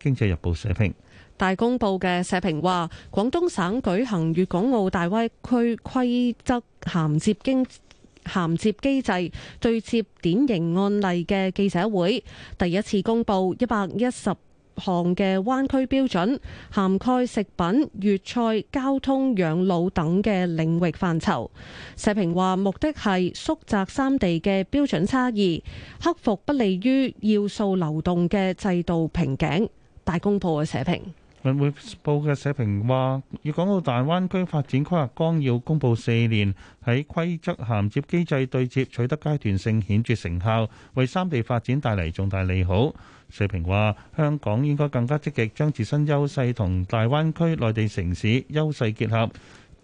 經濟日報社評。大公報嘅社評話：廣東省舉行粵港澳大灣區規則銜接經銜接機制對接典型案例嘅記者會，第一次公布一百一十項嘅灣區標準，涵蓋食品、粵菜、交通、養老等嘅領域範疇。社評話目的係縮窄三地嘅標準差異，克服不利於要素流動嘅制度瓶頸。大公報嘅社評。文匯報嘅社評話，粵港澳大灣區發展規劃綱要公布四年，喺規則銜接機制對接取得階段性顯著成效，為三地發展帶嚟重大利好。社評話，香港應該更加積極將自身優勢同大灣區內地城市優勢結合，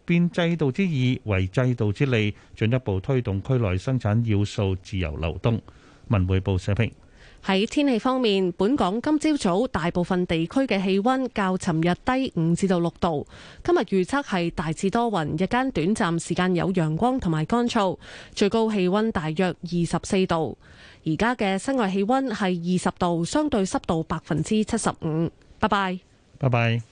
變制度之異為制度之利，進一步推動區內生產要素自由流動。文匯報社評。喺天氣方面，本港今朝早大部分地區嘅氣溫較尋日低五至到六度。今日預測係大致多雲，日間短暫時間有陽光同埋乾燥，最高氣溫大約二十四度。而家嘅室外氣溫係二十度，相對濕度百分之七十五。拜拜，拜拜。